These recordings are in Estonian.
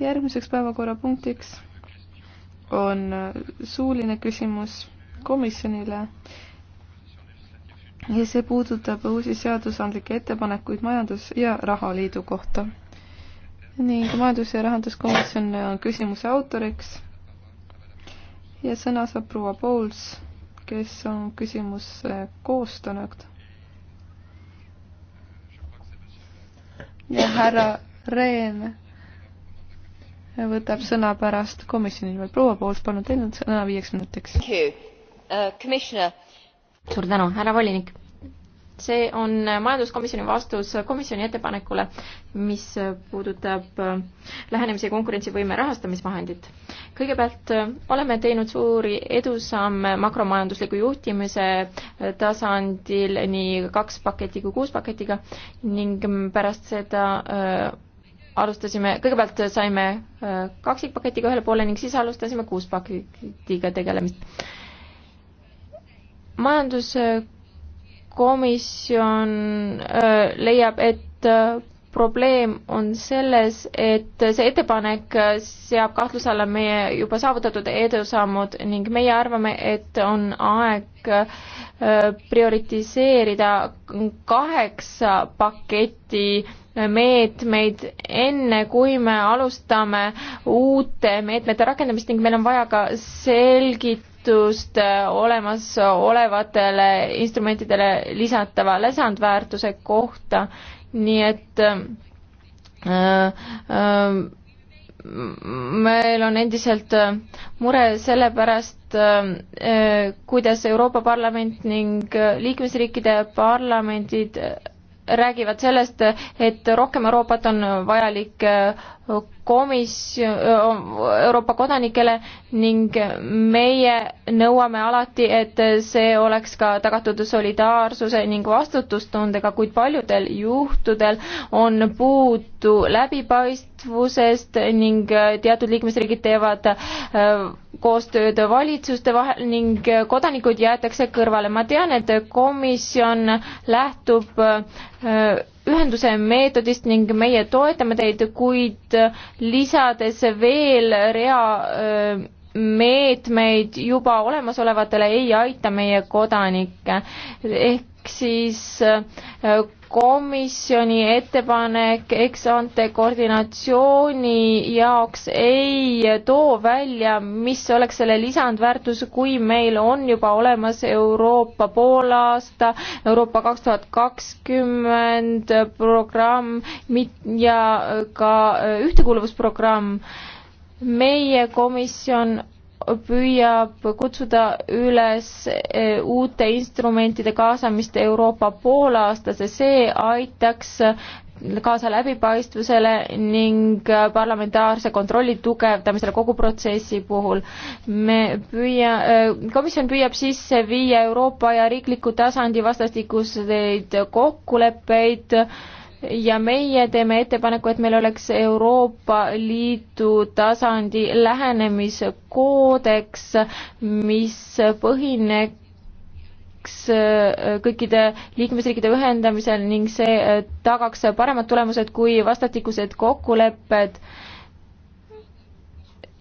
järgmiseks päevakorrapunktiks on äh, suuline küsimus komisjonile ja see puudutab uusi seadusandlikke ettepanekuid Majandus- ja Rahaliidu kohta. ning Majandus- ja Rahanduskomisjon on küsimuse autoriks ja sõna saab proua Pouls, kes on küsimuse koostanud. ja härra Rehn võtab sõna pärast komisjoni nimel. proua Pools, palun, teil on sõna viieks minutiks. Uh, suur tänu, härra volinik. see on majanduskomisjoni vastus komisjoni ettepanekule, mis puudutab äh, lähenemise konkurentsivõime rahastamisvahendit. kõigepealt äh, oleme teinud suuri edusamme makromajandusliku juhtimise äh, tasandil nii kaks paketi kui kuus paketiga ning mm, pärast seda alustasime, kõigepealt saime äh, kaksikpaketiga ühele poole ning siis alustasime kuus paketiga tegelemist. majanduskomisjon äh, leiab, et äh, probleem on selles, et see ettepanek seab kahtluse alla meie juba saavutatud edusammud ning meie arvame, et on aeg äh, prioritiseerida kaheksa paketi meetmeid, enne kui me alustame uute meetmete rakendamist ning meil on vaja ka selgit-, toetust äh, olemasolevatele instrumentidele lisatava lisandväärtuse kohta nii et äh, äh, meil on endiselt äh, mure selle pärast, äh, äh, kuidas Euroopa Parlament ning liikmesriikide parlamendid räägivad sellest, et rohkem Euroopat on vajalik äh, komis-, äh, Euroopa kodanikele ning meie nõuame alati, et see oleks ka tagatud solidaarsuse ning vastutustundega, kuid paljudel juhtudel on puudu läbipaist-, liikuvusest ning äh, teatud liikmesriigid teevad äh, koostööd valitsuste vahel ning kodanikud jäetakse kõrvale. ma tean, et komisjon lähtub äh, ühenduse meetodist ning meie toetame teid, kuid lisades veel rea meetmeid juba olemasolevatele ei aita meie kodanikke. ehk ehk siis äh, komisjoni ettepanek eksante koordinatsiooni jaoks ei too välja, mis oleks selle lisandväärtus, kui meil on juba olemas Euroopa poolaasta, Euroopa kaks tuhat kakskümmend programm ja ka äh, ühtekuuluvusprogramm. meie komisjon püüab kutsuda üles eh, uute instrumentide kaasamist Euroopa poolaastasse, see aitaks kaasa läbipaistvusele ning parlamentaarse kontrolli tugevdamisele kogu protsessi puhul. me püüa, eh, komisjon püüab sisse viia Euroopa ja riikliku tasandi vastastikuseid kokkuleppeid, ja meie teeme ettepaneku, et meil oleks Euroopa Liidu tasandi lähenemiskoodeks, mis põhineks äh, kõikide liikmesriikide ühendamisel ning see äh, tagaks paremad tulemused kui vastastikused kokkulepped.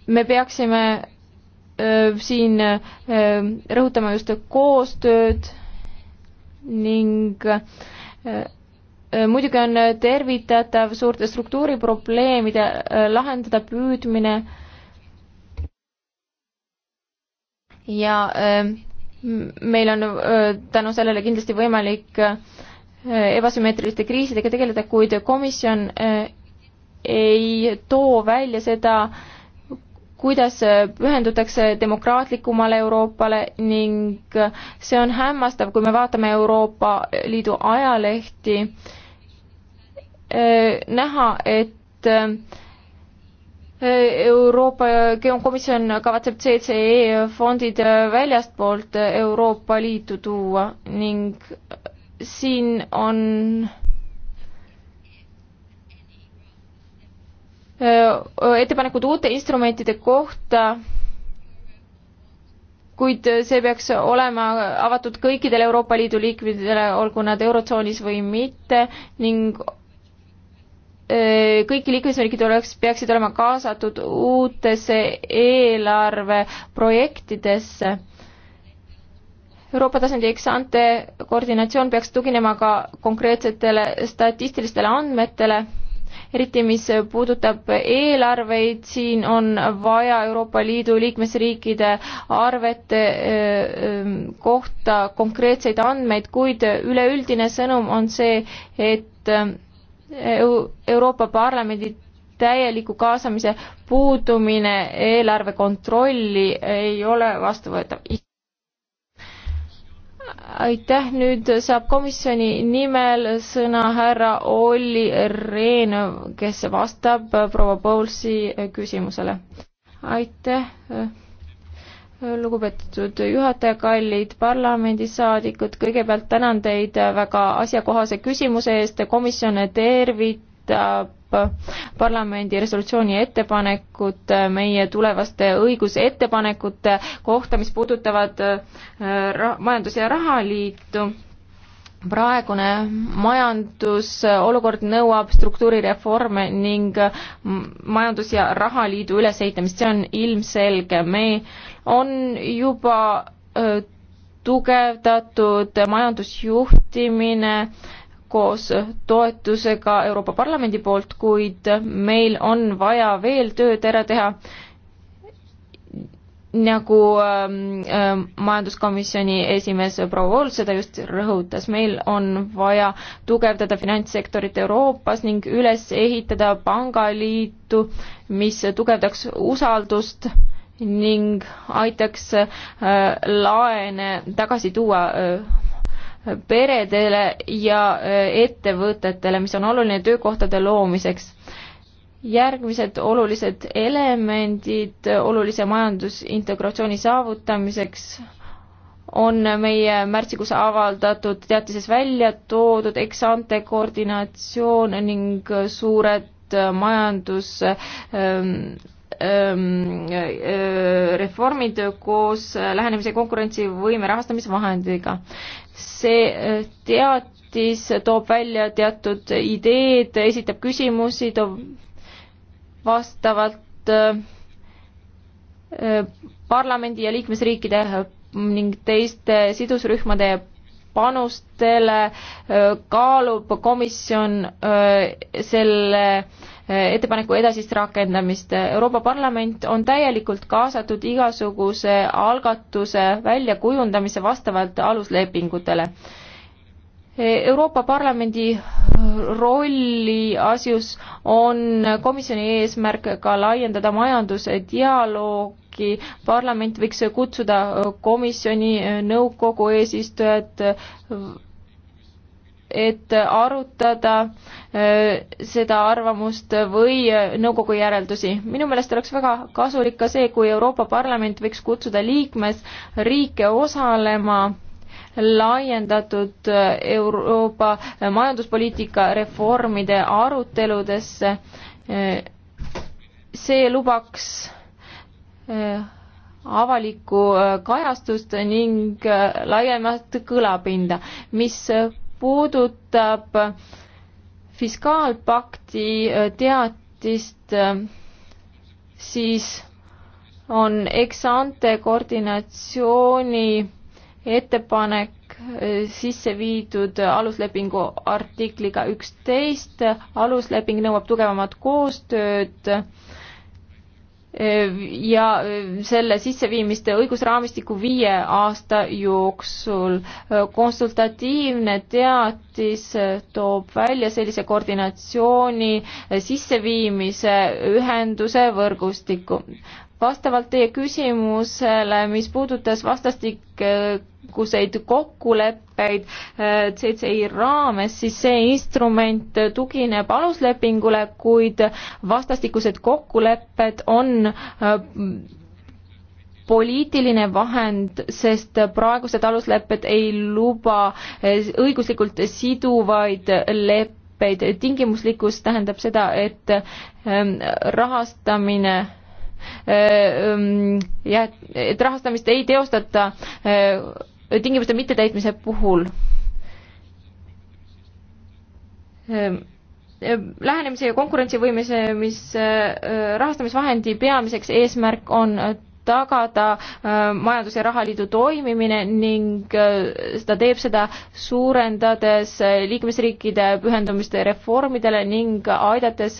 me peaksime äh, siin rõhutama just koostööd ning Äh, muidugi on äh, tervitatav suurte struktuuriprobleemide äh, lahendada püüdmine ja meil on tänu sellele kindlasti võimalik ebasümmeetriliste kriisidega tegeleda, kuid komisjon ei too välja seda äh, kuidas pühendutakse demokraatlikumale Euroopale ning see on hämmastav, kui me vaatame Euroopa Liidu ajalehti, eh, näha, et eh, Euroopa Komisjon kavatseb CCE fondid väljastpoolt Euroopa Liitu tuua ning eh, siin on ettepanekud uute instrumentide kohta, kuid see peaks olema avatud kõikidele Euroopa Liidu liikmetele, olgu nad Eurotsoonis või mitte ning kõiki liikmesriigid oleks, peaksid olema kaasatud uutesse eelarveprojektidesse. Euroopa tasandi eksante koordinatsioon peaks tuginema ka konkreetsetele statistilistele andmetele eriti mis puudutab eelarveid, siin on vaja Euroopa Liidu liikmesriikide arvete äh, ähm, kohta konkreetseid andmeid, kuid üleüldine sõnum on see, et ähm, Euroopa Parlamendi täieliku kaasamise puudumine eelarve kontrolli ei ole vastuvõetav aitäh, nüüd saab komisjoni nimel sõna härra Olli Rehn, kes vastab proua Paulsi küsimusele. aitäh, lugupeetud juhataja, kallid parlamendisaadikud, kõigepealt tänan teid väga asjakohase küsimuse eest, komisjon tervitab parlamendi resolutsiooni ettepanekut äh, meie tulevaste õigusettepanekute kohta, mis puudutavad äh, majandus- ja rahaliitu praegune majandusolukord äh, nõuab struktuurireforme ning majandus- ja rahaliidu ülesehitamist, see on ilmselge. meil on juba tugevdatud majandusjuhtimine koos toetusega Euroopa Parlamendi poolt, kuid meil on vaja veel tööd ära teha, nagu äh, majanduskomisjoni esimees proua Vool seda just rõhutas, meil on vaja tugevdada finantssektorit Euroopas ning üles ehitada pangaliitu, mis tugevdaks usaldust ning aitaks äh, laene tagasi tuua äh, peredele ja äh, ettevõtetele, mis on oluline töökohtade loomiseks. järgmised olulised elemendid olulise majandusintegratsiooni saavutamiseks on meie märtsikuus avaldatud teatises välja toodud eksante koordinatsioon ning suured majandus ähm, ähm, äh, reformid koos lähenemise konkurentsivõime rahastamisvahendiga see äh, teatis toob välja teatud ideed, esitab küsimusi, toob vastavalt äh, äh, parlamendi ja liikmesriikide ning teiste sidusrühmade panustele kaalub komisjon selle ettepaneku edasist rakendamist. Euroopa Parlament on täielikult kaasatud igasuguse algatuse väljakujundamise vastavalt aluslepingutele. E, Euroopa Parlamendi rolli asjus on komisjoni eesmärk ka laiendada majandusdialoog äkki parlament võiks kutsuda äh, komisjoni äh, nõukogu eesistujad äh, et arutada seda arvamust või nõukogu järeldusi. minu meelest oleks väga kasulik ka see, kui Euroopa Parlament võiks kutsuda liikmesriike osalema laiendatud Euroopa majanduspoliitika reformide aruteludesse. see lubaks Äh, avalikku äh, kajastust ning äh, laiemat kõlapinda. mis puudutab fiskaalpakti teatist, siis on ex-ante koordinatsiooni ettepanek sisse viidud aluslepingu artikliga üksteist. alusleping nõuab tugevamat koostööd Ehm, ja ehm, selle sisseviimist õigusraamistiku viie aasta jooksul. Ehm, konsultatiivne teatis toob välja sellise koordinatsiooni sisseviimise ühenduse võrgustiku vastavalt teie küsimusele, mis puudutas vastastikuseid kokkuleppeid äh, CCI raames, siis see instrument tugineb aluslepingule, kuid vastastikused kokkulepped on äh, poliitiline vahend, sest praegused aluslepped ei luba äh, õiguslikult siduvaid leppeid. tingimuslikkus tähendab seda, et rahastamine Äh, ähm, ja et rahastamist ei teostata äh, tingimuste mittetäitmise puhul. Ähm, äh, lähenemise ja konkurentsivõimise, mis rahastamisvahendi peamiseks eesmärk on tagada äh, majandus- ja rahaliidu toimimine ning ta äh, teeb seda suurendades äh, liikmesriikide pühendumist reformidele ning aidates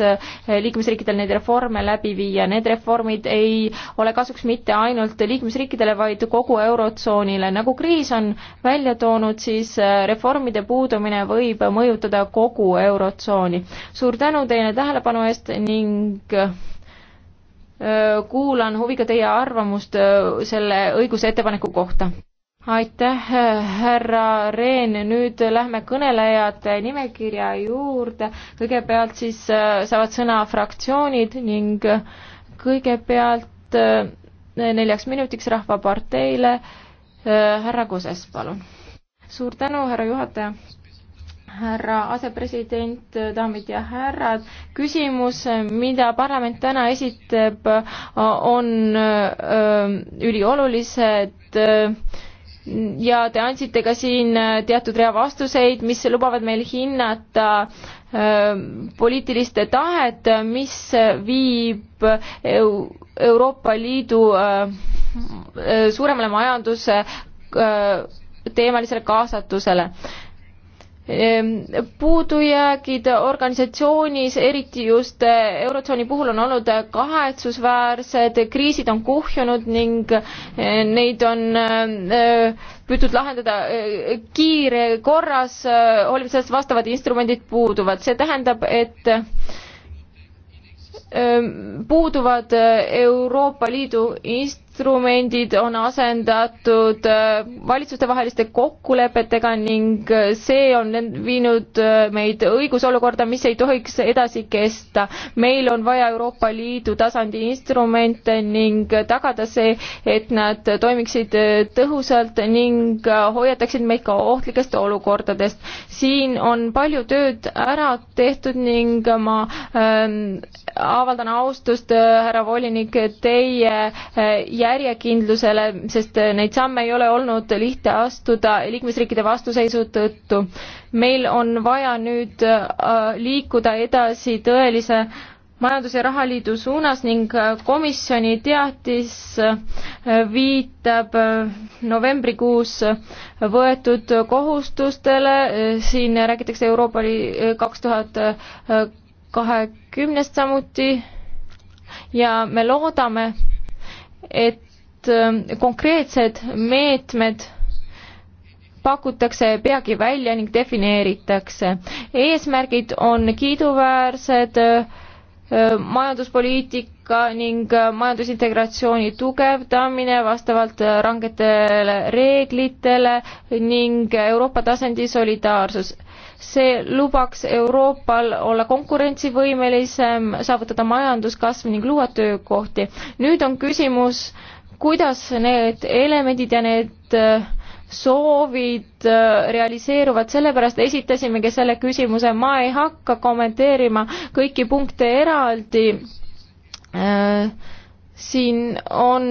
liikmesriikidel neid reforme läbi viia. Need reformid ei ole kasuks mitte ainult liikmesriikidele, vaid kogu Eurotsoonile. nagu kriis on välja toonud, siis reformide puudumine võib mõjutada kogu Eurotsooni. suur tänu teile tähelepanu eest ning kuulan huviga teie arvamust selle õiguse ettepaneku kohta. aitäh, härra Rehn, nüüd lähme kõnelejate nimekirja juurde. kõigepealt siis saavad sõna fraktsioonid ning kõigepealt neljaks minutiks Rahvaparteile härra Kuses, palun. suur tänu, härra juhataja härra asepresident, daamid ja härrad. küsimus, mida parlament täna esitab, on äh, üliolulised ja te andsite ka siin teatud rea vastuseid, mis lubavad meil hinnata äh, poliitilist tahet, mis viib Euroopa Liidu äh, suuremale majanduse teemalisele kaasatusele Ehm, puudujäägid organisatsioonis, eriti just eh, Eurotsooni puhul, on olnud eh, kahetsusväärsed, kriisid on kuhjunud ning eh, neid on püütud lahendada kiire korras, hoolimata sellest vastavad instrumendid puuduvad, see tähendab, et puuduvad Euroopa Liidu inst-, instrumendid on asendatud äh, valitsustevaheliste kokkulepetega ning äh, see on viinud äh, meid õigusolukorda, mis ei tohiks edasi kesta. meil on vaja Euroopa Liidu tasandi instrumente ning tagada see, et nad toimiksid tõhusalt ning hoiataksid meid ka ohtlikest olukordadest. siin on palju tööd ära tehtud ning ma ähm, avaldan austust, härra volinik, teie äh, järjekindlusele, sest neid samme ei ole olnud lihtne astuda liikmesriikide vastuseisu tõttu. meil on vaja nüüd äh, liikuda edasi tõelise majandus- ja rahaliidu suunas ning komisjoni teatis äh, viitab äh, novembrikuus võetud kohustustele, siin räägitakse Euroopa kaks tuhat kahekümnest samuti ja me loodame, et ähm, konkreetsed meetmed pakutakse peagi välja ning defineeritakse. eesmärgid on kiiduväärsed äh, äh, majanduspoliitika ning äh, majandusintegratsiooni tugevdamine vastavalt rangetele reeglitele ning Euroopa tasandi solidaarsus see lubaks Euroopal olla konkurentsivõimelisem, saavutada majanduskasv ning luua töökohti. nüüd on küsimus, kuidas need elemendid ja need äh, soovid äh, realiseeruvad, sellepärast esitasimegi selle küsimuse, ma ei hakka kommenteerima kõiki punkte eraldi. Äh, siin on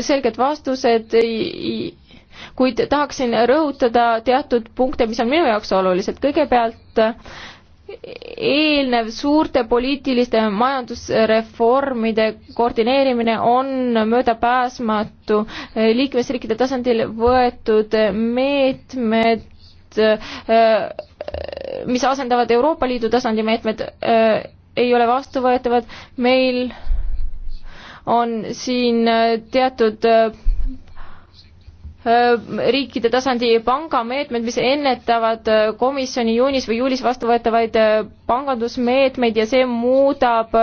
selged vastused kuid tahaksin rõhutada teatud punkte, mis on minu jaoks olulised. kõigepealt eelnev suurte poliitiliste majandusreformide koordineerimine on möödapääsmatu. liikmesriikide tasandil võetud meetmed, äh, mis asendavad Euroopa Liidu tasandi meetmed, äh, ei ole vastuvõetavad. meil on siin teatud äh, riikide tasandi pangameetmed, mis ennetavad komisjoni juunis või juulis vastu võetavaid pangandusmeetmeid ja see muudab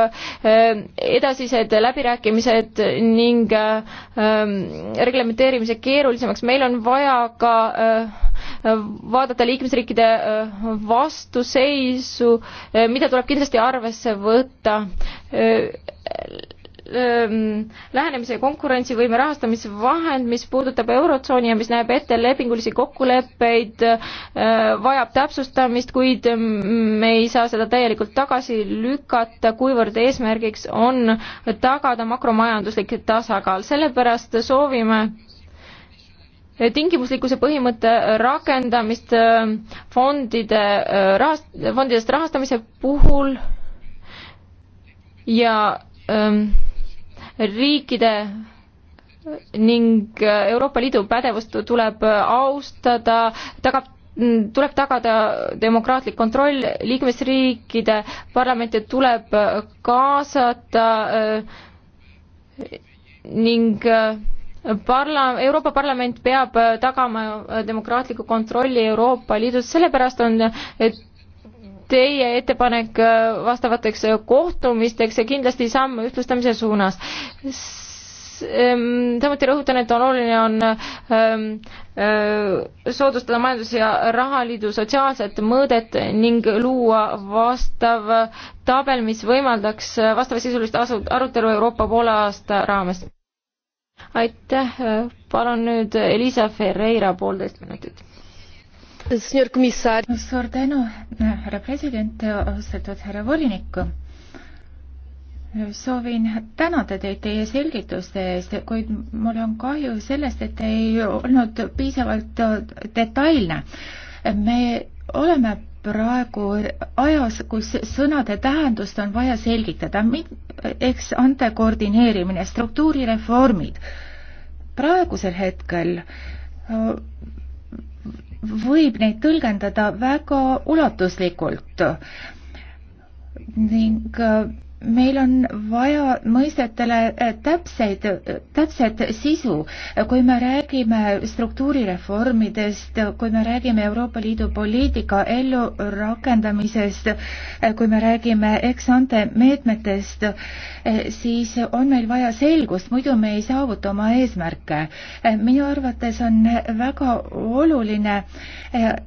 edasised läbirääkimised ning reglementeerimise keerulisemaks. meil on vaja ka vaadata liikmesriikide vastuseisu, mida tuleb kindlasti arvesse võtta lähenemise konkurentsivõime rahastamisvahend, mis puudutab Eurotsooni ja mis näeb ette lepingulisi kokkuleppeid, vajab täpsustamist, kuid me ei saa seda täielikult tagasi lükata, kuivõrd eesmärgiks on tagada makromajanduslik tasakaal, sellepärast soovime tingimuslikkuse põhimõtte rakendamist fondide rahast-, fondidest rahastamise puhul ja ähm, riikide ning äh, Euroopa Liidu pädevust tuleb austada, tagab mm, tuleb tagada demokraatlik kontroll, liikmesriikide parlamente tuleb äh, kaasata äh, ning parla-, Euroopa Parlament peab tagama demokraatliku kontrolli Euroopa Liidus, sellepärast on teie ettepanek äh, vastavateks äh, kohtumisteks ja kindlasti samm ühtlustamise suunas. Ähm, samuti rõhutan, et on oluline on ähm, äh, soodustada majandus- ja rahaliidu sotsiaalset mõõdet ning luua vastav tabel, mis võimaldaks vastavasisulist arutelu Euroopa poole aasta raames. aitäh, palun nüüd Elisa Ferreira poolteist minutit suur tänu, härra president, austatud härra volinik soovin tänada teid teie selgituste eest, kuid mul on kahju sellest, et te ei olnud piisavalt detailne. me oleme praegu ajas, kus sõnade tähendust on vaja selgitada, eks ande koordineerimine, struktuurireformid. praegusel hetkel võib neid tõlgendada väga ulatuslikult ning äh, meil on vaja mõistetele eh, täpseid, täpset sisu. kui me räägime struktuurireformidest, kui me räägime Euroopa Liidu poliitika ellurakendamisest, eh, kui me räägime ex-ante meetmetest, eh, siis on meil vaja selgust, muidu me ei saavuta oma eesmärke. minu arvates on väga oluline,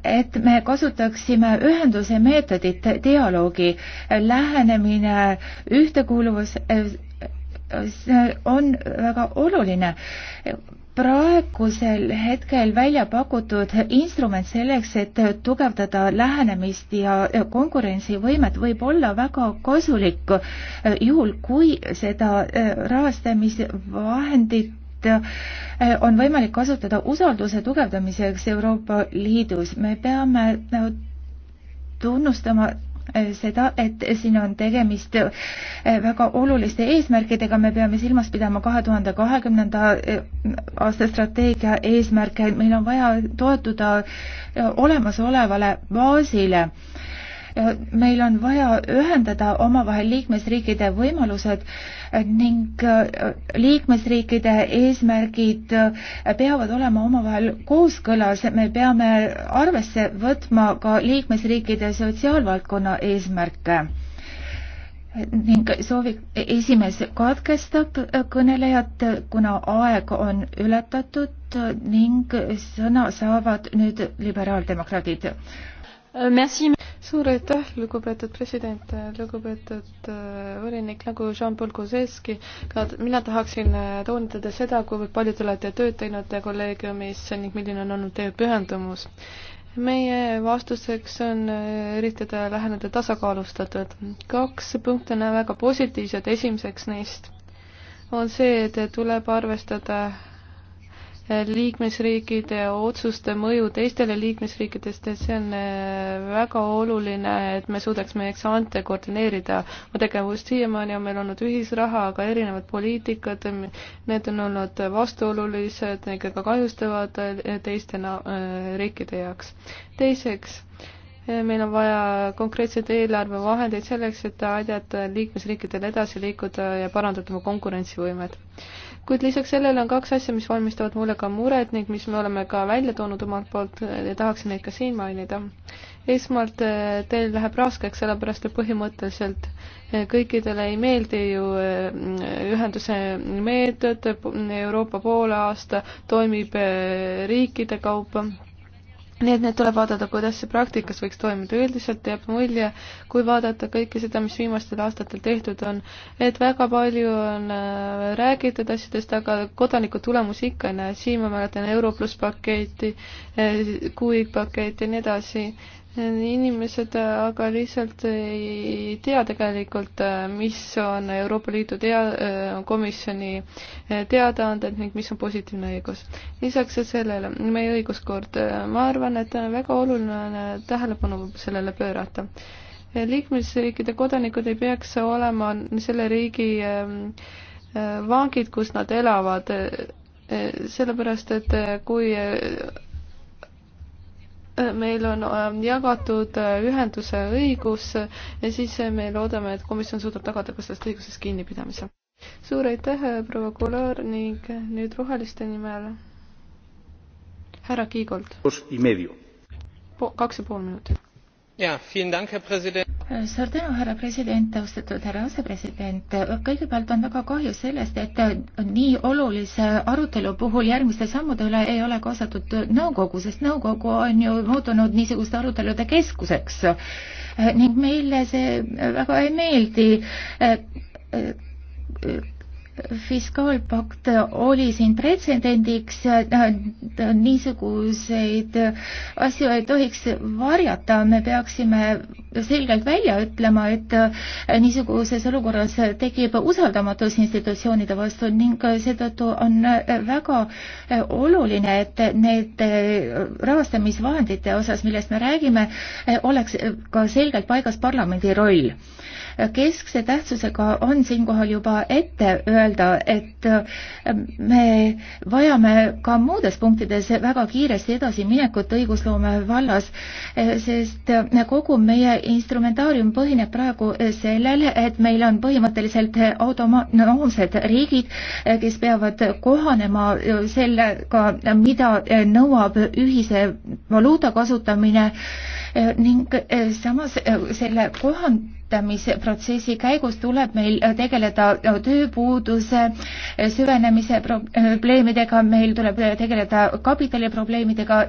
et me kasutaksime ühenduse meetodit, dialoogi lähenemine, ühtekuuluvus on väga oluline praegusel hetkel välja pakutud instrument selleks, et tugevdada lähenemist ja konkurentsivõimet, võib olla väga kasulik juhul, kui seda rahastamisvahendit on võimalik kasutada usalduse tugevdamiseks Euroopa Liidus. me peame tunnustama Äh, seda, et siin on tegemist äh, väga oluliste eesmärkidega, me peame silmas pidama kahe tuhande kahekümnenda äh, aasta strateegia eesmärke, meil on vaja toetuda olemasolevale baasile Äh, meil on vaja ühendada omavahel liikmesriikide võimalused äh, ning äh, liikmesriikide eesmärgid peavad olema omavahel kooskõlas, me peame arvesse võtma ka liikmesriikide sotsiaalvaldkonna eesmärke ning soovi, esimees katkestab kõnelejat, kuna aeg on ületatud ning sõna saavad nüüd liberaaldemokraadid. Euh, suur aitäh, lugupeetud president, äh, lugupeetud äh, volinik, nagu Jean-Paul Kuzeski, ka mina tahaksin äh, toonitada seda, kui palju te olete tööd teinud kolleegiumis ning milline on olnud teie pühendumus. meie vastuseks on üritada läheneda tasakaalustatud. kaks punkti on väga positiivsed, esimeseks neist on see, et tuleb arvestada liikmesriikide otsuste mõju teistele liikmesriikidest, et see on äh, väga oluline, et me suudaksime eks ante koordineerida oma tegevust. siiamaani on meil olnud ühisraha, aga erinevad poliitikad, need on olnud vastuolulised, ega ka kahjustavad teiste äh, riikide jaoks. teiseks, äh, meil on vaja konkreetseid eelarvevahendeid selleks, et aidata liikmesriikidel edasi liikuda ja parandada oma konkurentsivõimet kuid lisaks sellele on kaks asja, mis valmistavad mulle ka muret ning mis me oleme ka välja toonud omalt poolt ja tahaksin neid ka siin mainida. esmalt eh, teil läheb raskeks, sellepärast et põhimõtteliselt eh, kõikidele ei meeldi ju eh, ühenduse meetod, Euroopa poole aasta toimib riikide kaupa nii et need tuleb vaadata, kuidas see praktikas võiks toimuda, üldiselt jääb mulje, kui vaadata kõike seda, mis viimastel aastatel tehtud on, et väga palju on äh, räägitud asjadest, aga kodaniku tulemusi ikka ei näe, siin ma mäletan Euro pluss paketi, äh, kuuik paketi ja nii edasi inimesed äh, aga lihtsalt ei tea tegelikult, äh, mis on Euroopa Liidu tea-, äh, komisjoni teadaanded ning mis on positiivne õigus. lisaks sellele, meie õiguskord, ma arvan, et väga oluline on tähelepanu sellele pöörata. liikmesriikide kodanikud ei peaks olema selle riigi ähm, vangid, kus nad elavad, sellepärast et kui meil on ähm, jagatud äh, ühenduse õigus ja siis äh, me loodame, et komisjon suudab tagada ka sellest õigusest kinnipidamise. suur aitäh, äh, proua Kular ning nüüd roheliste nimel härra Kiigold. kaks ja pool minutit suur tänu, härra president, austatud härra asepresident. kõigepealt on väga kahju sellest, et nii olulise arutelu puhul järgmiste sammude üle ei ole kaasatud nõukogu, sest nõukogu on ju muutunud niisuguste arutelude keskuseks ning meile see väga ei meeldi fiskaalpakt oli siin pretsedendiks, äh, niisuguseid asju ei tohiks varjata, me peaksime selgelt välja ütlema, et äh, niisuguses olukorras tekib usaldamatus institutsioonide vastu ning seetõttu on äh, väga oluline, et need rahastamisvahendite osas, millest me räägime, oleks ka selgelt paigas parlamendi roll. keskse tähtsusega on siinkohal juba ette öeldud, öelda, et ähm, me vajame ka muudes punktides väga kiiresti edasiminekut õigusloome vallas, eh, sest eh, kogu meie instrumentaarium põhineb praegu eh, sellel, et meil on põhimõtteliselt autonoomsed riigid, kes peavad kohanema sellega, mida nõuab ühise valuuta kasutamine ning samas selle kohan-, hindamisprotsessi käigus tuleb meil äh, tegeleda äh, tööpuuduse äh, süvenemise probleemidega, meil tuleb tegeleda kapitaliprobleemidega,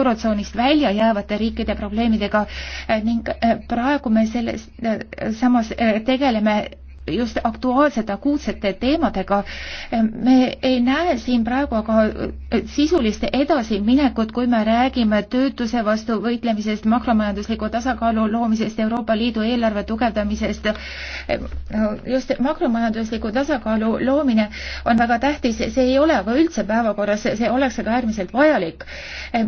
Eurotsoonist välja jäävate riikide probleemidega ning praegu me selles samas tegeleme just aktuaalsete akuutsete teemadega. me ei näe siin praegu aga sisulist edasiminekut, kui me räägime töötuse vastu võitlemisest, makromajandusliku tasakaalu loomisest, Euroopa Liidu eelarve tugevdamisest. just makromajandusliku tasakaalu loomine on väga tähtis, see ei ole aga üldse päevakorras, see oleks aga äärmiselt vajalik.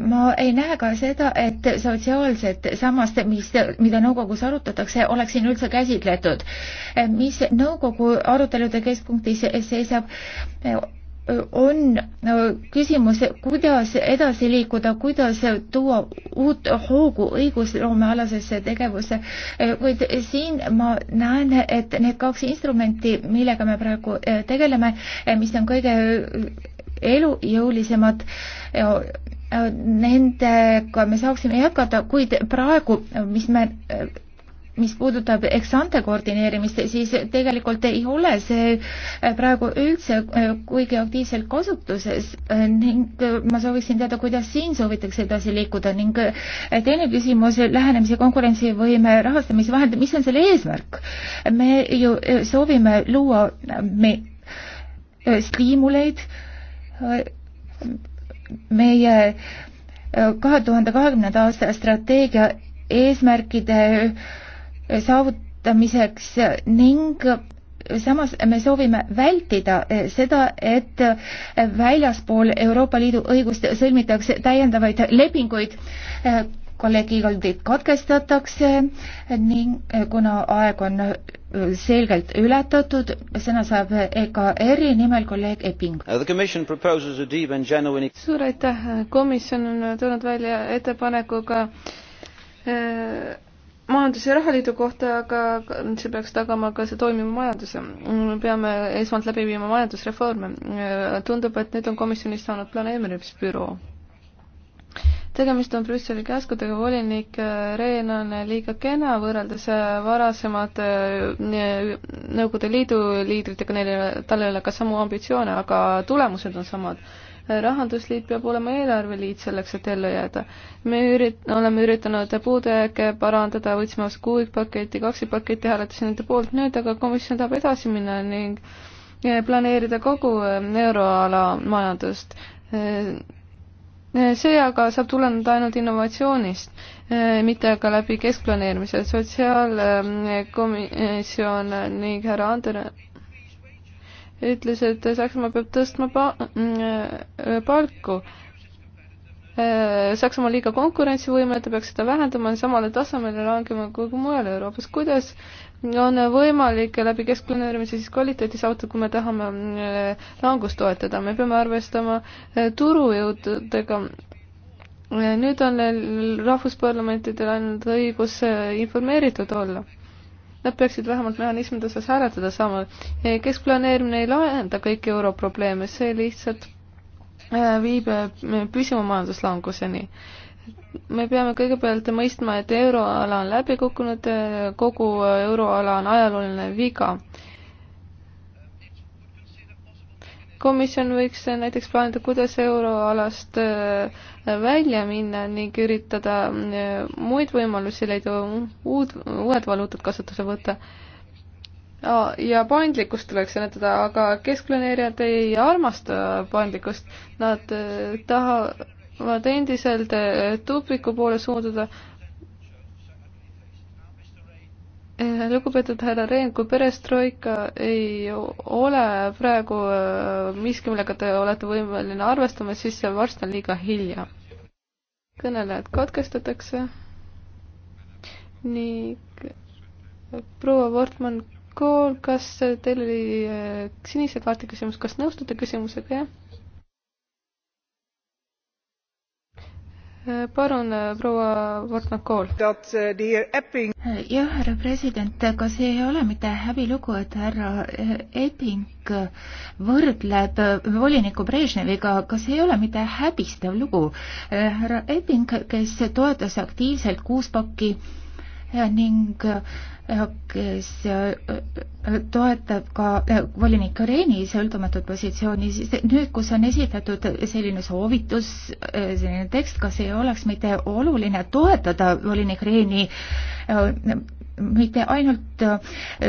ma ei näe ka seda, et sotsiaalset sammast, mis, mida nõukogus arutatakse, oleks siin üldse käsitletud. mis nõukogu arutelude keskpunktis seisab on küsimus, kuidas edasi liikuda, kuidas tuua uut hoogu õigusloomealasesse tegevusse, kuid siin ma näen, et need kaks instrumenti, millega me praegu eh, tegeleme, eh, mis on kõige elujõulisemad, eh, nendega me saaksime jätkata, kuid praegu, mis me mis puudutab eksante koordineerimist, siis tegelikult ei ole see äh, praegu üldse äh, kuigi aktiivselt kasutuses äh, ning ma sooviksin teada, kuidas siin soovitakse edasi liikuda ning teine küsimus, lähenemise konkurentsivõime rahastamisvahend, mis on selle eesmärk? me ju soovime luua me stiimuleid meie kahe tuhande kahekümnenda aasta strateegia eesmärkide saavutamiseks ning samas me soovime vältida seda, et väljaspool Euroopa Liidu õigust sõlmitakse täiendavaid lepinguid. kolleeg Igaldit katkestatakse ning kuna aeg on selgelt ületatud, sõna saab EKR-i nimel kolleeg Epping. suur aitäh, komisjon on tulnud välja ettepanekuga äh, majandus- ja rahaliidu kohta, aga see peaks tagama ka see toimiva majanduse. me peame esmalt läbi viima majandusreforme. tundub, et nüüd on komisjonist saanud planeerimisbüroo. tegemist on Brüsseli käskudega, volinik Rehn on liiga kena võrreldes varasemate eh, Nõukogude Liidu liidritega, neil ei ole, tal ei ole ka samu ambitsioone, aga tulemused on samad rahandusliit peab olema eelarveliit selleks, et ellu jääda. me ürit-, oleme üritanud puudujääke parandada, võtsime vastu kuuikpaketi, kaksipaketi, hääletasin nende poolt nüüd, aga komisjon tahab edasi minna ning eh, planeerida kogu eh, euroala majandust. Eh, see aga saab tuleneda ainult innovatsioonist, mitte aga läbi keskplaneerimise. sotsiaalkomisjon ning härra Ander ütles, et Saksamaa peab tõstma pa-, mm, äh, palku. Äh, Saksamaa on liiga konkurentsivõime, ta peaks seda vähendama ja samale tasemele langema kui mujal Euroopas. kuidas on võimalik läbi keskplaneerimise siis kvaliteeti saavutada, kui me tahame äh, langust toetada, me peame arvestama turujõududega. nüüd on rahvusparlamentidel ainult õigus informeeritud olla Nad peaksid vähemalt mehhanismide osas hääletada saama. Eh, keskplaneerimine ei lahenda kõiki europrobleeme, see lihtsalt eh, viib eh, püsima majanduslanguseni. me peame kõigepealt mõistma, et euroala on läbi kukkunud, kogu euroala on ajalooline viga komisjon võiks näiteks plaanida, kuidas euroalast äh, välja minna ning üritada äh, muid võimalusi leida, uud, uued valuutad kasutusele võtta. ja paindlikkust tuleks ennetada, aga keskplaneerijad ei armasta paindlikkust, nad äh, tahavad endiselt tupiku poole suunduda Eh, lugupeetud härra Rehn, kui perestroika ei ole praegu eh, miski, millega te olete võimeline arvestama, siis see varsti on liiga hilja. kõnelejad katkestatakse ning eh, proua Wortmann, kas teil oli sinise kaardi küsimus, kas nõustute küsimusega, jah? palun, proua Portnakol. jah, härra president, kas ei ole mitte häbilugu, et härra Epping võrdleb voliniku Brežneviga, kas ei ole mitte häbistav lugu? härra Epping, kes toetas aktiivselt kuuspakki ning kes äh, äh, toetab ka äh, volinik Reini sõltumatut positsiooni, siis nüüd, kus on esitatud selline soovitus, selline tekst, kas ei oleks mitte oluline toetada volinik Reini mitte ainult äh,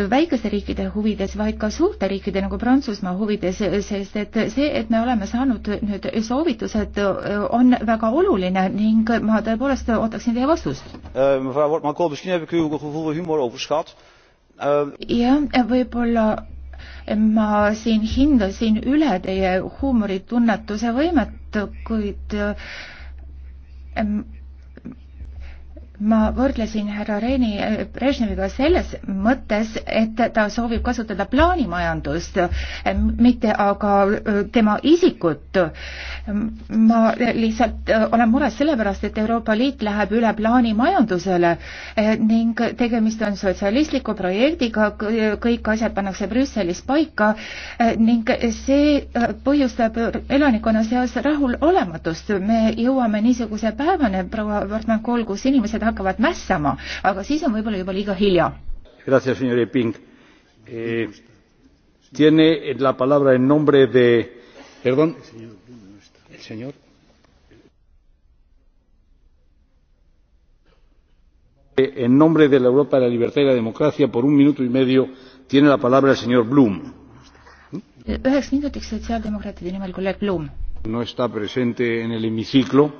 väikeste riikide huvides, vaid ka suurte riikide nagu Prantsusmaa huvides, sest et see, et me oleme saanud nüüd soovitused, äh, on väga oluline ning ma tõepoolest ootaksin teie vastust. Äh, ehm, jah, võib-olla ma siin hindasin üle teie huumoritunnetuse võimet, kuid ehm, ma võrdlesin härra Reini eh, Brežneviga selles mõttes, et ta soovib kasutada plaanimajandust, eh, mitte aga eh, tema isikut. ma lihtsalt olen mures sellepärast, et Euroopa Liit läheb üle plaanimajandusele ning tegemist on sotsialistliku projektiga, kõik asjad pannakse Brüsselis paika ning see põhjustab elanikkonna seas rahulolematust. me jõuame niisuguse päevani, proua Wortmann-Kool, kus inimesed hakkavad mässama, aga siis on võib-olla juba liiga hilja. Gracias, señor Eping eh,. Tiene la palabra en nombre de. Perdón. El señor. Eh, en nombre de la Europa de la Libertad y la Democracia, por un minuto y medio, tiene la palabra el señor Blum. Üheks minutiks sotsiaaldemokraatide nimel kolleeg Blum. No está presente en el hemiciclo,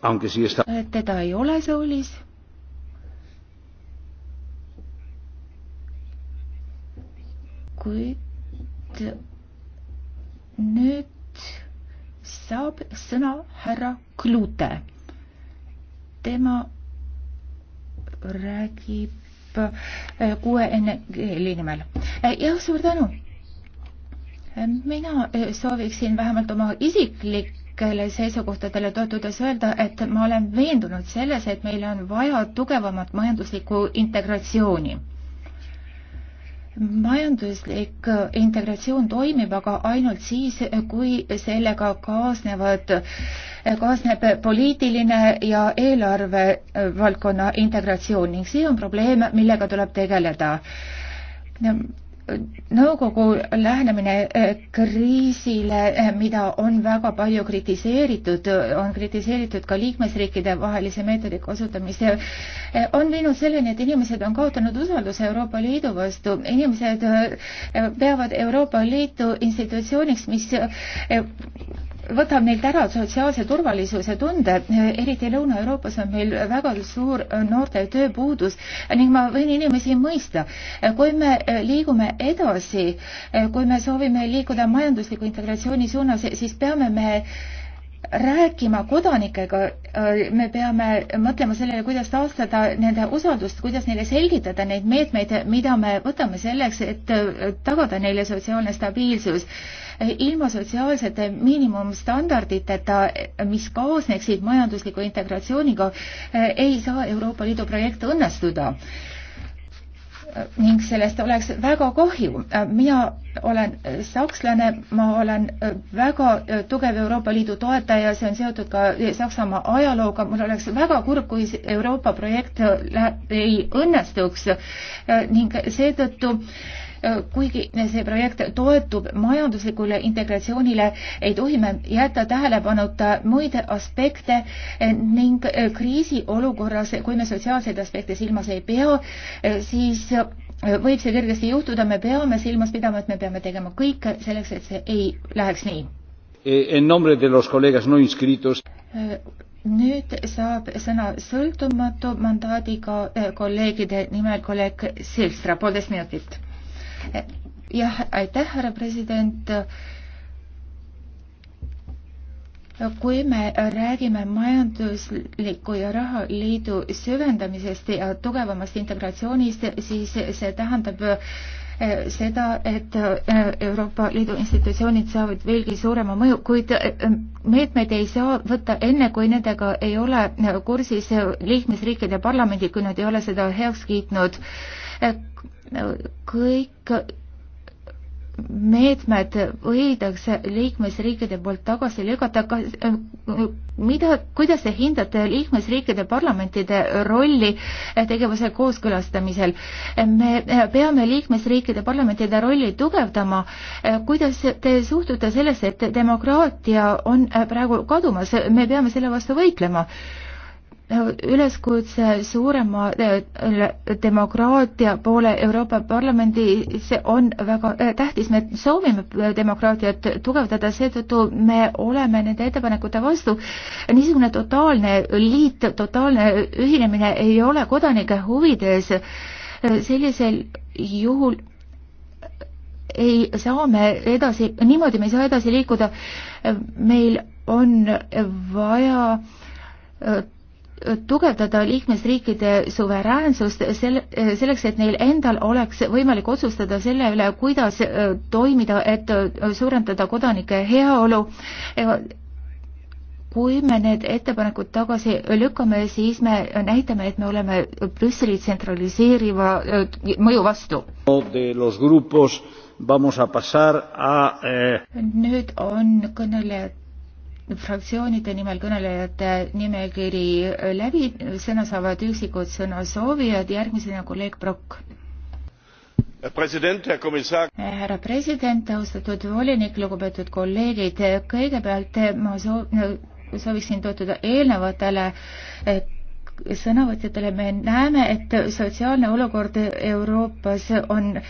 aunque sí está. teda ei ole saalis kuid nüüd saab sõna härra Klute. tema räägib eh, kuue NGL-i nimel. Eh, jah, suur tänu. Eh, mina sooviksin vähemalt oma isiklik kõigile seisukohtadele toetudes öelda, et ma olen veendunud selles, et meil on vaja tugevamat majanduslikku integratsiooni majanduslik integratsioon toimib aga ainult siis, kui sellega kaasnevad, kaasneb poliitiline ja eelarve valdkonna integratsioon ning see on probleem, millega tuleb tegeleda nõukogu lähenemine eh, kriisile, eh, mida on väga palju kritiseeritud, on kritiseeritud ka liikmesriikide vahelise meetodi kasutamist, eh, on viinud selleni, et inimesed on kaotanud usalduse Euroopa Liidu vastu. inimesed peavad Euroopa Liitu institutsiooniks, mis võtab neilt ära sotsiaalse turvalisuse tunde, eriti Lõuna-Euroopas on meil väga suur noorte tööpuudus ning ma võin inimesi mõista. kui me liigume edasi, kui me soovime liikuda majandusliku integratsiooni suunas, siis peame me rääkima kodanikega, äh, me peame mõtlema sellele, kuidas taastada nende usaldust, kuidas neile selgitada neid meetmeid, mida me võtame selleks, et äh, tagada neile sotsiaalne stabiilsus. ilma sotsiaalsete miinimumstandarditeta, mis kaasneksid majandusliku integratsiooniga, äh, ei saa Euroopa Liidu projekt õnnestuda ning sellest oleks väga kahju. mina olen sakslane, ma olen väga tugev Euroopa Liidu toetaja, see on seotud ka Saksamaa ajalooga, mul oleks väga kurb, kui Euroopa projekt ei õnnestuks ning seetõttu äh, Äh, kuigi see projekt toetub majanduslikule integratsioonile, ei tohi me jätta tähelepanuta muid aspekte äh, ning äh, kriisiolukorras, kui me sotsiaalseid aspekte silmas ei pea, siis võib see kergesti juhtuda, me peame silmas pidama, et me peame tegema kõike selleks, et see ei läheks nii. Eh, nüüd saab sõna sõltumatu mandaadiga kolleegide nimel kolleeg Silstra, poolteist minutit jah, aitäh, härra president. kui me räägime majandusliku ja rahaliidu süvendamisest ja tugevamast integratsioonist, siis see tähendab eh, seda, et eh, Euroopa Liidu institutsioonid saavad veelgi suurema mõju, kuid eh, meetmeid ei saa võtta enne, kui nendega ei ole kursis liikmesriikide parlamendid, kui nad ei ole seda heaks kiitnud kõik meetmed võidakse liikmesriikide poolt tagasi lükata, kas, äh, mida, kuidas te hindate liikmesriikide parlamentide rolli äh, tegevuse kooskõlastamisel? Äh, me peame liikmesriikide parlamentide rolli tugevdama, kuidas te suhtute sellesse, et demokraatia on praegu kadumas, me peame selle vastu võitlema? üleskutse suurema eh, demokraatia poole Euroopa Parlamendis on väga eh, tähtis, me soovime demokraatiat tugevdada, seetõttu me oleme nende ettepanekute vastu. niisugune totaalne liit, totaalne ühinemine ei ole kodanike huvides. sellisel juhul ei saa me edasi, niimoodi me ei saa edasi liikuda. meil on vaja eh, tugevdada liikmesriikide suveräänsust sel-, selleks, et neil endal oleks võimalik otsustada selle üle, kuidas äh, toimida, et äh, suurendada kodanike heaolu. Äh, kui me need ettepanekud tagasi lükkame, siis me näitame, et me oleme Brüsseli tsentraliseeriva mõju vastu. nüüd on kõnelejad fraktsioonide nimel kõnelejate nimekiri läbi, sõna saavad üksikud sõnasoovijad, järgmisena kolleeg Brock. härra president, austatud volinik, lugupeetud kolleegid, kõigepealt ma soov-, sooviksin toetuda eelnevatele sõnavõtjatele, me näeme, et sotsiaalne olukord Euroopas on äh,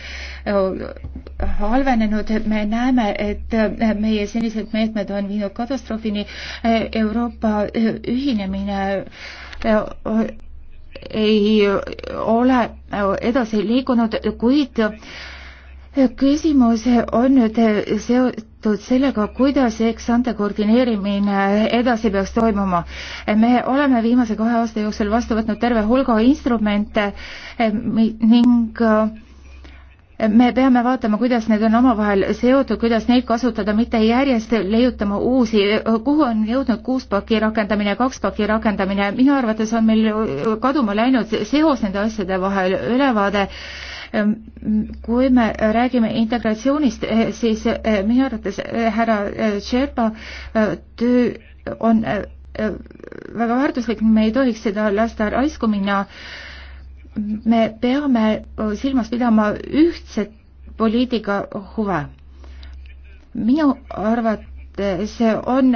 halvenenud, me näeme, et äh, meie senised meetmed on viinud katastroofini, äh, Euroopa ühinemine ei ole edasi liikunud, kuid küsimus on nüüd seotud sellega, kuidas eksante koordineerimine edasi peaks toimuma. me oleme viimase kahe aasta jooksul vastu võtnud terve hulga instrumente eh, ning eh, me peame vaatama, kuidas need on omavahel seotud, kuidas neid kasutada, mitte järjest leiutama uusi, kuhu on jõudnud kuus paki rakendamine, kaks paki rakendamine, minu arvates on meil kaduma läinud seos nende asjade vahel, ülevaade äh, Ehm, kui me räägime integratsioonist, eh, siis eh, minu arvates eh, härra Tšerba töö on väga väärtuslik, me ei tohiks seda lasta raisku minna. me peame silmas pidama ühtset poliitika huve. minu arvates on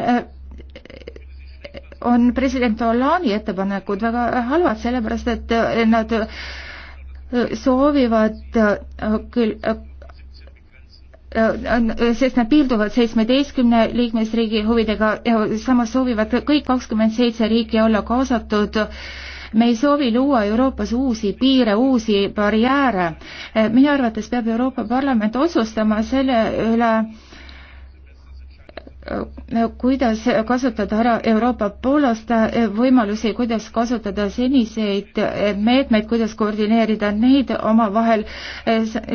on president Hollandi ettepanekud väga halvad, sellepärast et nad soovivad äh, küll äh, äh, sest nad piirduvad seitsmeteistkümne liikmesriigi huvidega, samas soovivad kõik kakskümmend seitse riiki olla kaasatud. me ei soovi luua Euroopas uusi piire, uusi barjääre. minu arvates peab Euroopa Parlament otsustama selle üle, Äh, kuidas kasutada ära Euroopa poolest äh, võimalusi, kuidas kasutada seniseid äh, meetmeid, kuidas koordineerida neid omavahel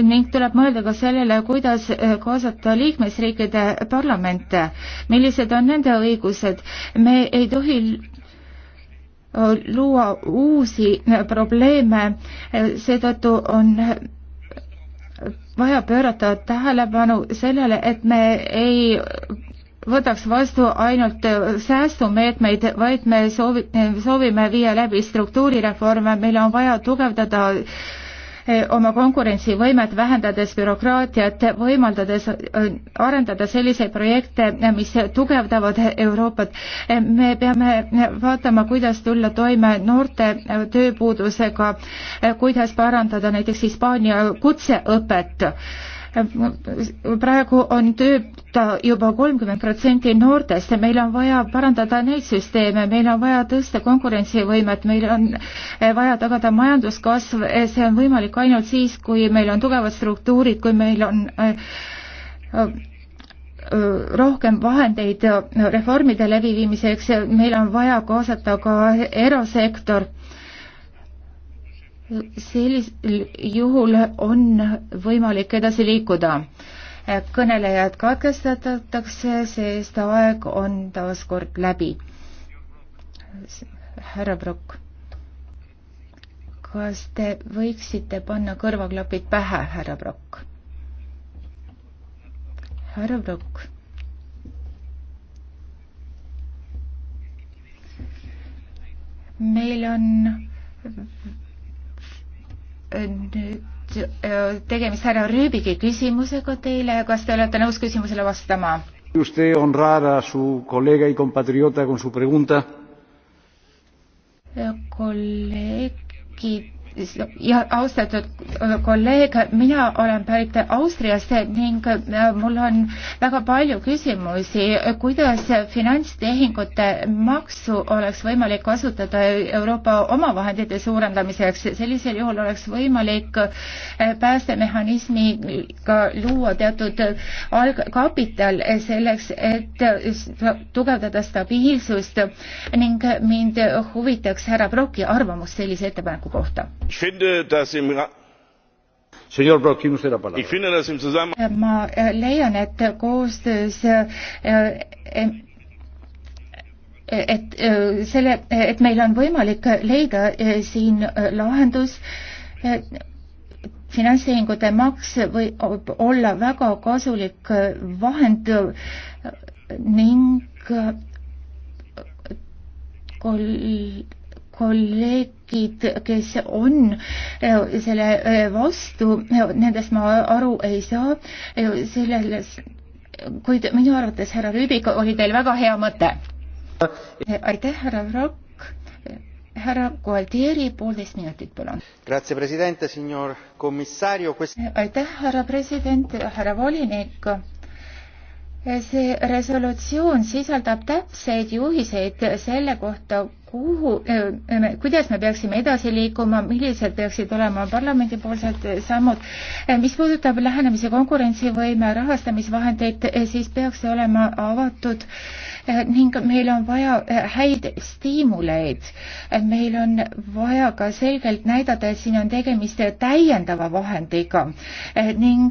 ning tuleb mõelda ka sellele, kuidas kaasata liikmesriikide parlamente, millised on nende õigused. me ei tohi luua uusi probleeme, seetõttu on vaja pöörata tähelepanu sellele, et me ei võtaks vastu ainult äh, säästumeetmeid, vaid me soovi, soovime viia läbi struktuurireforme, meil on vaja tugevdada äh, oma konkurentsivõimet, vähendades bürokraatiat, võimaldades äh, arendada selliseid projekte, mis tugevdavad Euroopat. me peame vaatama, kuidas tulla toime noorte tööpuudusega, kuidas parandada näiteks Hispaania kutseõpet praegu on tööta juba kolmkümmend protsenti noortest ja meil on vaja parandada neid süsteeme, meil on vaja tõsta konkurentsivõimet, meil on vaja tagada majanduskasv, see on võimalik ainult siis, kui meil on tugevad struktuurid, kui meil on äh, äh, rohkem vahendeid reformide läbiviimiseks, meil on vaja kaasata ka erasektor sellisel juhul on võimalik edasi liikuda. kõnelejad katkestatakse, sest aeg on taas kord läbi. härra Brock, kas te võiksite panna kõrvaklapid pähe, härra Brock? härra Brock meil on nüüd äh, tegemist härra Rüübigi küsimusega teile, kas te olete nõus küsimusele vastama? usted honrar a su colega y compatriota con su pregunta? Äh, kolleegid ja austatud äh, kolleeg, mina olen pärit Austriast ning äh, mul on väga palju küsimusi, kuidas finantstehingute maksu oleks võimalik kasutada Euroopa omavahendite suurendamiseks, sellisel juhul oleks võimalik äh, päästemehhanismiga luua teatud algkapital selleks, et tugevdada stabiilsust ning mind huvitaks härra Broki arvamus sellise ettepaneku kohta Äh, ma äh, leian, et koostöös äh, et selle, et meil on võimalik leida siin lahendus, finantstehingute maks võib olla väga kasulik vahend ning kol-, kolleegid, kes on eh, selle eh, vastu, eh, nendest ma aru ei saa, selles, kuid minu arvates, härra Rüübik, oli teil väga hea mõte. aitäh, härra Vrakk. Härra Gualtieri, poolteist minutit, palun. Grazie, president, signor commissario quest.... aitäh, härra president, härra volinik see resolutsioon sisaldab täpseid juhiseid selle kohta, kuhu, äh, kuidas me peaksime edasi liikuma, millised peaksid olema parlamendipoolsed äh, sammud. Äh, mis puudutab lähenemise konkurentsivõime rahastamisvahendeid, siis peaks see olema avatud ning meil on vaja häid stiimuleid. meil on vaja ka selgelt näidata, et siin on tegemist täiendava vahendiga ning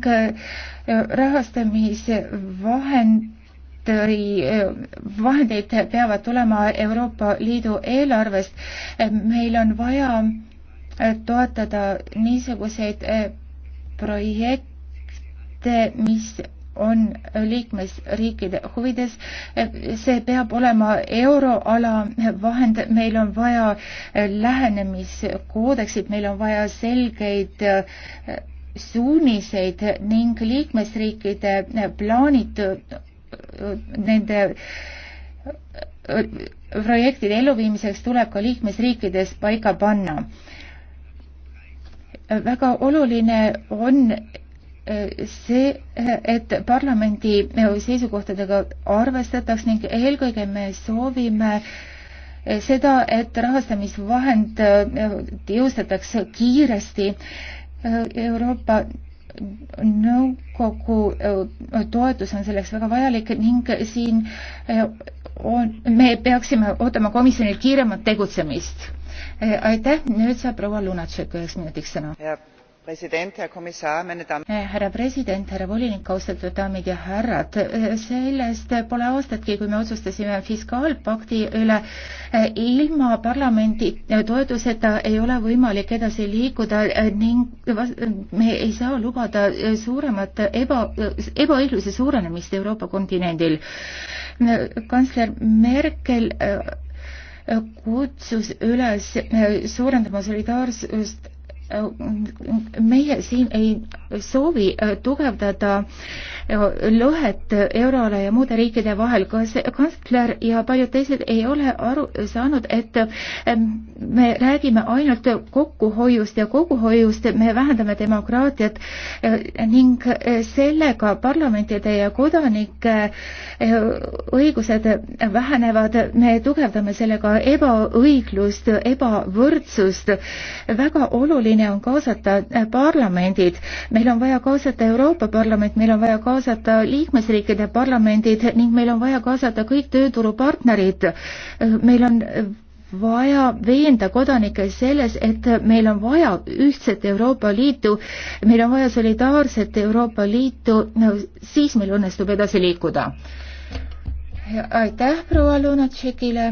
rahastamisvahend või vahendeid peavad tulema Euroopa Liidu eelarvest. meil on vaja toetada niisuguseid projekte, mis on liikmesriikide huvides. see peab olema euroala vahend, meil on vaja lähenemiskoodeksit, meil on vaja selgeid suuniseid ning liikmesriikide plaanid nende projektide elluviimiseks tuleb ka liikmesriikides paika panna. väga oluline on eh, see, et parlamendi seisukohtadega arvestataks ning eelkõige me soovime eh, seda, et rahastamisvahend jõustatakse eh, kiiresti Euroopa nõukogu äh, toetus on selleks väga vajalik ning siin äh, on, me peaksime ootama komisjonilt kiiremat tegutsemist. Äh, aitäh, nüüd saab proua Lunatšek üheks minutiks sõna. Eh, härra president, härra volinik, austatud daamid ja härrad, eh, sellest pole aastatki, kui me otsustasime fiskaalpakti üle. Eh, ilma parlamendi toetuseta ei ole võimalik edasi liikuda ning me ei saa lubada suuremat eba, ebaõigluse suurenemist Euroopa kontinendil. kantsler Merkel kutsus üles suurendama solidaarsust Äh, meie siin ei soovi äh, tugevdada äh, lõhet eurole ja muude riikide vahel. kas kantsler ja paljud teised ei ole aru saanud, et me räägime ainult kokkuhoiust ja kokkuhoiust, me vähendame demokraatiat ning sellega parlamentide ja kodanike õigused vähenevad, me tugevdame sellega ebaõiglust, ebavõrdsust, väga oluline oluline on kaasata äh, parlamendid. meil on vaja kaasata Euroopa Parlament, meil on vaja kaasata liikmesriikide parlamendid ning meil on vaja kaasata kõik tööturupartnerid. Äh, meil on vaja veenda kodanikke selles, et meil on vaja ühtset Euroopa Liitu, meil on vaja solidaarset Euroopa Liitu no,, siis meil õnnestub edasi liikuda. aitäh proua Lunatšekile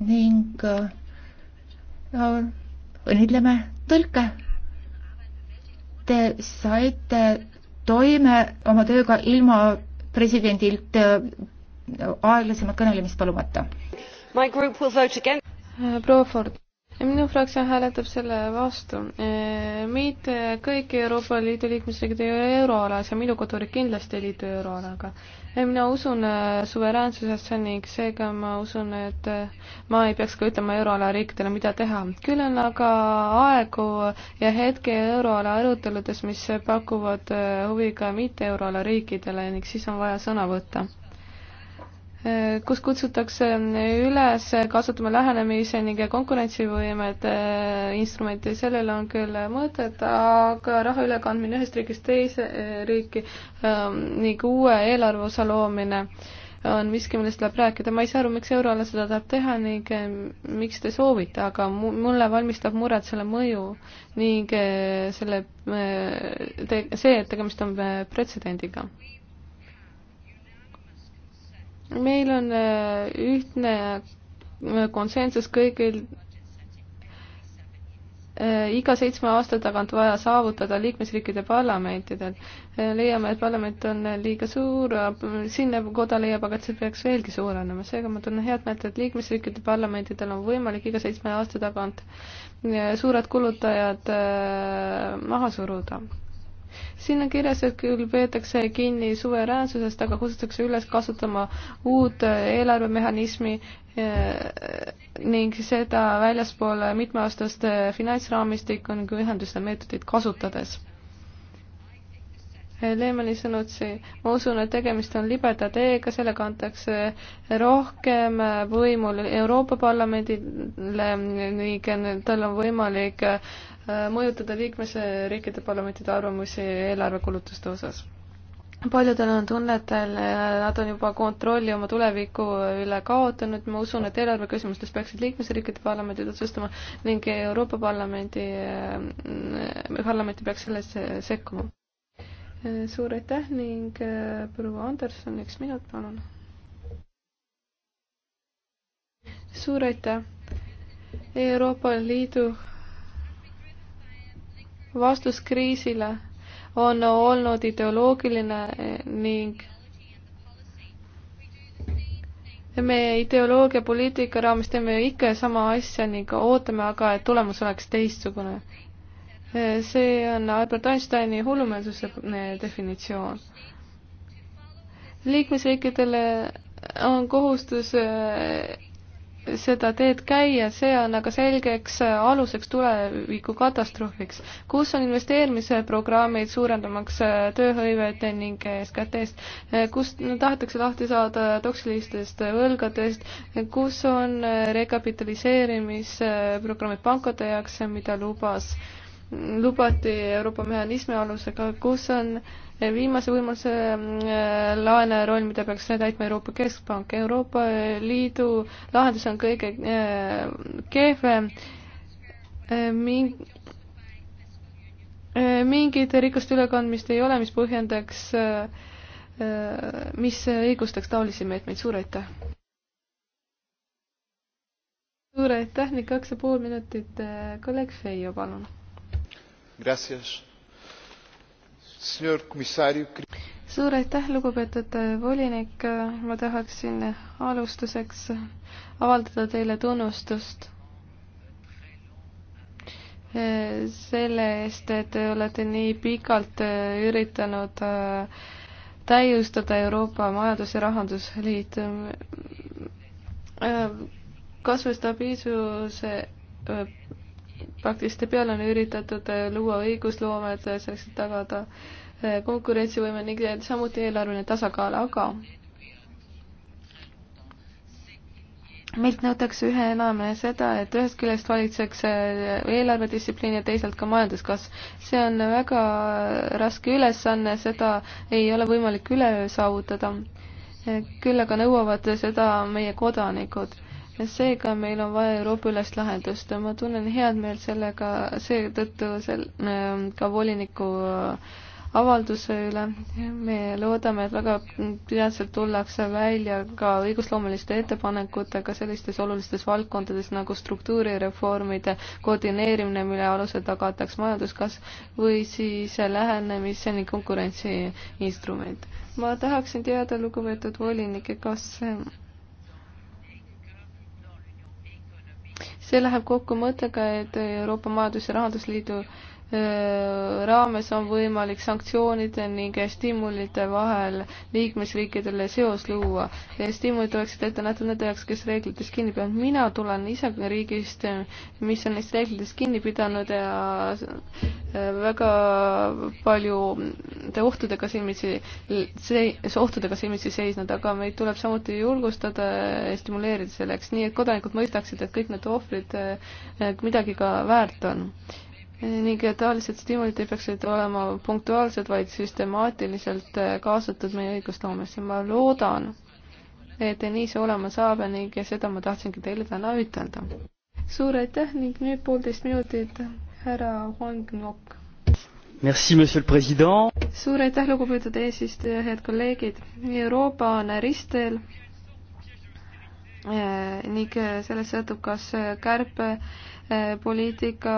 ning äh, õnnitleme tõlke. Te saite toime oma tööga ilma presidendilt äh, aeglasemat kõnelemist palumata. Äh, proua Ford minu fraktsioon hääletab selle vastu. E, mitte kõik Euroopa Liidu liikmesriigid ei ole euroalas ja minu koduriik kindlasti ei liitu euroalaga. E, mina usun e, suveräänsusesse ning seega ma usun, et ma ei peaks ka ütlema euroala riikidele, mida teha. küll on aga aegu ja hetke euroala aruteludes, mis pakuvad huvi ka mitte euroala riikidele ning siis on vaja sõna võtta kus kutsutakse üles kasutama lähenemise ning konkurentsivõimed eh, instrumenti, sellel on küll mõtet, aga raha ülekandmine ühest riigist teise eh, riiki ehm, ning uue eelarveosa loomine on miski, millest tuleb rääkida, ma ei saa aru, miks euroala seda tahab teha ning eh, miks te soovite, aga mulle valmistab muret selle mõju ning selle, see, et tegemist on pretsedendiga meil on äh, ühtne äh, konsensus kõigil äh, iga seitsme aasta tagant vaja saavutada liikmesriikide parlamentidel. leiame, et parlament on liiga suur, sinna koda leiab aga, et see peaks veelgi suurenema, seega ma tunnen head meelt, et liikmesriikide parlamentidel on võimalik iga seitsme aasta tagant suured kulutajad maha suruda siin on kirjas, et küll peetakse kinni suveräänsusest, aga kutsutakse üles kasutama uut äh, eelarvemehhanismi äh, ning seda väljaspool mitmeaastast äh, finantsraamistikku ning ühenduste meetodeid kasutades Leemani sõnutsi, ma usun, et tegemist on libeda teega, sellega antakse rohkem võimu Euroopa Parlamendile ning tal on võimalik äh, mõjutada liikmesriikide parlamentide arvamusi eelarvekulutuste osas. paljudel on tunnetel, äh, nad on juba kontrolli oma tuleviku üle kaotanud, ma usun, et eelarveküsimustes peaksid liikmesriikide parlamendid otsustama ning Euroopa Parlamendi, äh, parlamenti peaks sellesse sekkuma Eh, suur aitäh ning eh, proua Anderson, üks minut, palun. suur aitäh. Euroopa Liidu vastus kriisile on olnud ideoloogiline eh, ning meie ideoloogia poliitika raames teeme ikka sama asja ning ootame aga, et tulemus oleks teistsugune see on Albert Einsteini hullumeelsuse eh, definitsioon. liikmesriikidele on kohustus eh, seda teed käia, see on aga selgeks eh, aluseks tuleviku katastroofiks, kus on investeerimisprogrammid suurendamaks tööhõivet ning SKT-st, kus tahetakse lahti saada toksilistest võlgadest, kus on rekapitaliseerimisprogrammid pankade jaoks, mida lubas äh, lubati Euroopa mehhanismi alusega, kus on viimase võimaluse mm, äh, laene roll, mida peaks täitma Euroopa Keskpank. Euroopa Liidu lahendus on kõige äh, kehvem. Äh, mingit rikkuste ülekandmist ei ole, mis põhjendaks, mis õigustaks taolisi meetmeid. suur aitäh! suur aitäh, nii kaks ja pool minutit. kolleeg Feijo, palun suur aitäh, lugupeetud äh, volinik, ma tahaksin alustuseks avaldada teile tunnustust äh, selle eest, et te olete nii pikalt äh, üritanud täiustada Euroopa Majandus- ja Rahandusliitu. kasvu stabiilsuse paktist peale on üritatud äh, luua õigusloomed äh, selleks, et tagada äh, konkurentsivõime ning samuti eelarveline tasakaal, aga meilt nõutakse ühe enamine seda, et ühest küljest valitseks eelarvedistsipliin ja teisalt ka majanduskasv. see on väga raske ülesanne, seda ei ole võimalik üleöö saavutada. küll aga nõuavad seda meie kodanikud seega meil on vaja Euroopa-ülest lahendust. ma tunnen head meelt sellega, seetõttu sel-, ähm, ka voliniku äh, avalduse üle. me loodame, et väga peatselt tullakse välja ka õigusloomeliste ettepanekutega sellistes olulistes valdkondades nagu struktuurireformide koordineerimine, mille alusel tagataks majanduskasv või siis lähenemiseni konkurentsiinstrument. ma tahaksin teada, lugupeetud volinik, kas ähm, see läheb kokku mõttega, et Euroopa Majandus- ja Rahandusliidu raames on võimalik sanktsioonide ning stiimulite vahel liikmesriikidele seos luua ja stiimulid oleksid ette nähtud nende jaoks, kes reeglitest kinni peavad. mina tulen ise riigist, mis on neist reeglitest kinni pidanud ja väga paljude ohtudega silmitsi, ohtudega silmitsi seisnud, aga meid tuleb samuti julgustada ja stimuleerida selleks, nii et kodanikud mõistaksid, et kõik need ohvrid midagi ka väärt on ning taolised stiimulid ei peaks olema punktuaalsed, vaid süstemaatiliselt äh, kaasatud meie õigusloomesse. ma loodan, et nii see olema saab ning seda ma tahtsingi teile täna ütelda. suur aitäh ning nüüd poolteist minutit, härra Huang Nok. Merci, monsieur le president. suur aitäh, lugupeetud eesistuja, head kolleegid. Euroopa on ristteel äh, ning äh, sellest sõltub, kas kärpepoliitika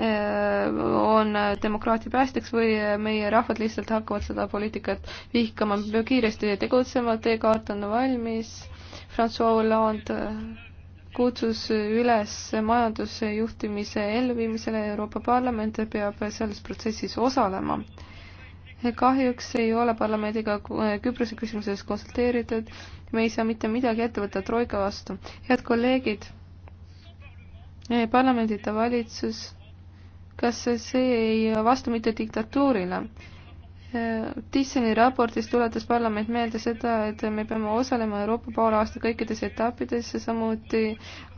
Äh, on demokraatia päästjaks või meie rahvad lihtsalt hakkavad seda poliitikat vihkama. me peame kiiresti tegutsema, teekaart on valmis. Francois Hollande äh, kutsus üles majanduse juhtimise elluviimisele, Euroopa Parlament peab selles protsessis osalema. kahjuks ei ole parlamendiga äh, Küprose küsimuses konsulteeritud, me ei saa mitte midagi ette võtta Troika vastu. head kolleegid, parlamendita valitsus kas see ei vasta mitte diktatuurile? Tissoni raportis tuletas parlament meelde seda, et me peame osalema Euroopa poole aasta kõikides etappides ja samuti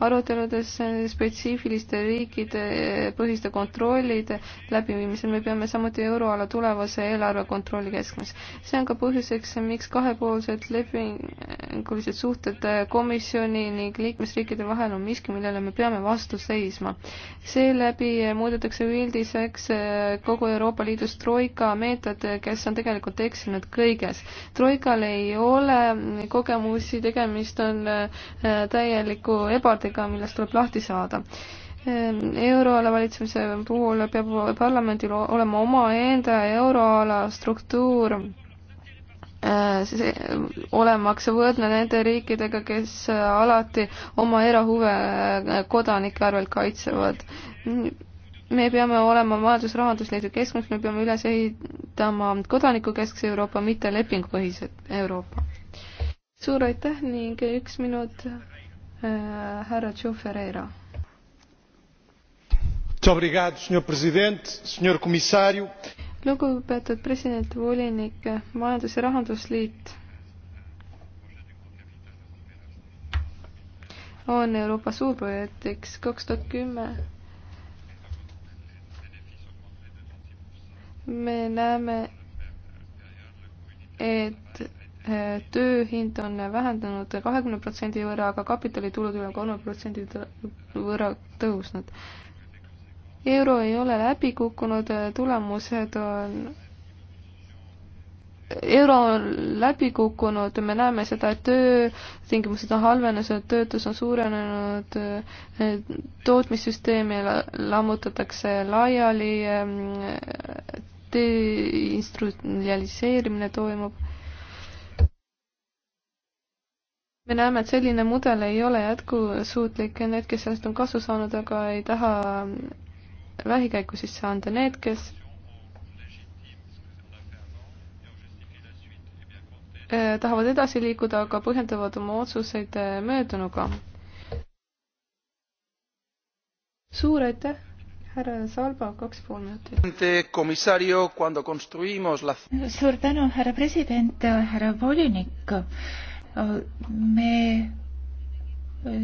aruteludes spetsiifiliste riikide põhiste kontrollide läbiviimisel. me peame samuti euroala tulevase eelarve kontrolli keskmes. see on ka põhjuseks, miks kahepoolsed lepingulised suhted komisjoni ning liikmesriikide vahel on miski, millele me peame vastu seisma. seeläbi muudetakse üldiseks kogu Euroopa Liidus troika meetod kes on tegelikult eksinud kõiges. troikal ei ole kogemusi, tegemist on äh, täieliku ebadega, millest tuleb lahti saada ähm, euroala valitsemise puhul peab parlamendil olema omaenda euroala struktuur äh, see, olemaks võrdne nende riikidega, kes äh, alati oma erahuve kodanike arvelt kaitsevad me peame olema Majandus-Rahandusliidu keskmes, me peame üles ehitama kodanikukeskse Euroopa, mitte lepingupõhise Euroopa. suur aitäh ning üks minut äh, härra Joe Ferreira. lugupeetud president, volinik, Majandus- ja Rahandusliit on Euroopa suurprojektiks kaks tuhat kümme me näeme, et äh, töö hind on vähendanud kahekümne protsendi võrra, aga kapitalitulud üle kolme protsendi võrra tõusnud. euro ei ole läbi kukkunud, tulemused on, euro on läbi kukkunud, me näeme seda, et töötingimused on halvenenud, töötus on suurenenud, tootmissüsteemi lammutatakse laiali, deinstrumentaliseerimine toimub. me näeme, et selline mudel ei ole jätkusuutlik, need, kes sellest on kasu saanud, aga ei taha vähikäiku sisse anda, need, kes äh, tahavad edasi liikuda, aga põhjendavad oma otsuseid äh, möödunuga. suur aitäh! härra Salba, kaks pool minutit. suur tänu, härra president, härra volinik. me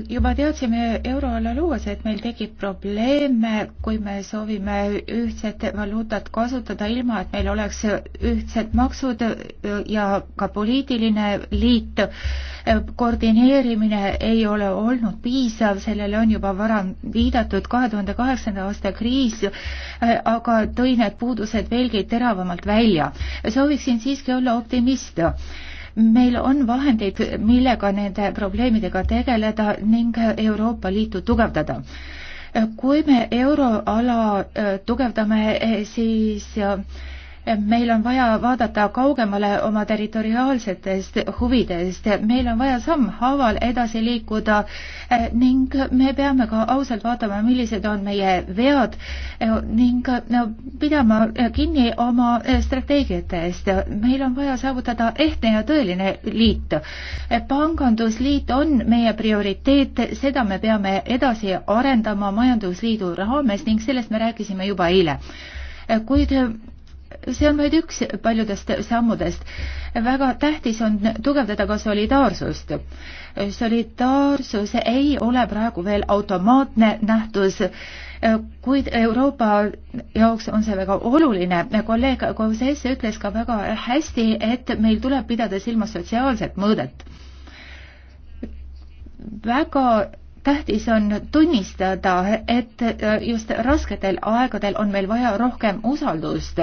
juba teadsime euroala luues, et meil tekib probleeme, kui me soovime ühtset valuutat kasutada, ilma et meil oleks ühtsed maksud ja ka poliitiline liit. koordineerimine ei ole olnud piisav, sellele on juba varem viidatud, kahe tuhande kaheksanda aasta kriis äh, aga tõi need puudused veelgi teravamalt välja. sooviksin siiski olla optimist meil on vahendeid, millega nende probleemidega tegeleda ning Euroopa Liitu tugevdada. kui me euroala äh, tugevdame, äh, siis äh, meil on vaja vaadata kaugemale oma territoriaalsetest huvidest, meil on vaja sammhaaval edasi liikuda eh, ning me peame ka ausalt vaatama, millised on meie vead eh, ning eh, pidama kinni oma strateegiatest. meil on vaja saavutada ehtne ja tõeline liit. pangandusliit on meie prioriteet, seda me peame edasi arendama majandusliidu raames ning sellest me rääkisime juba eile kuid see on vaid üks paljudest sammudest. väga tähtis on tugevdada ka solidaarsust. solidaarsus ei ole praegu veel automaatne nähtus, kuid Euroopa jaoks on see väga oluline. kolleeg Kozes ütles ka väga hästi, et meil tuleb pidada silmas sotsiaalset mõõdet. väga tähtis on tunnistada, et äh, just rasketel aegadel on meil vaja rohkem usaldust.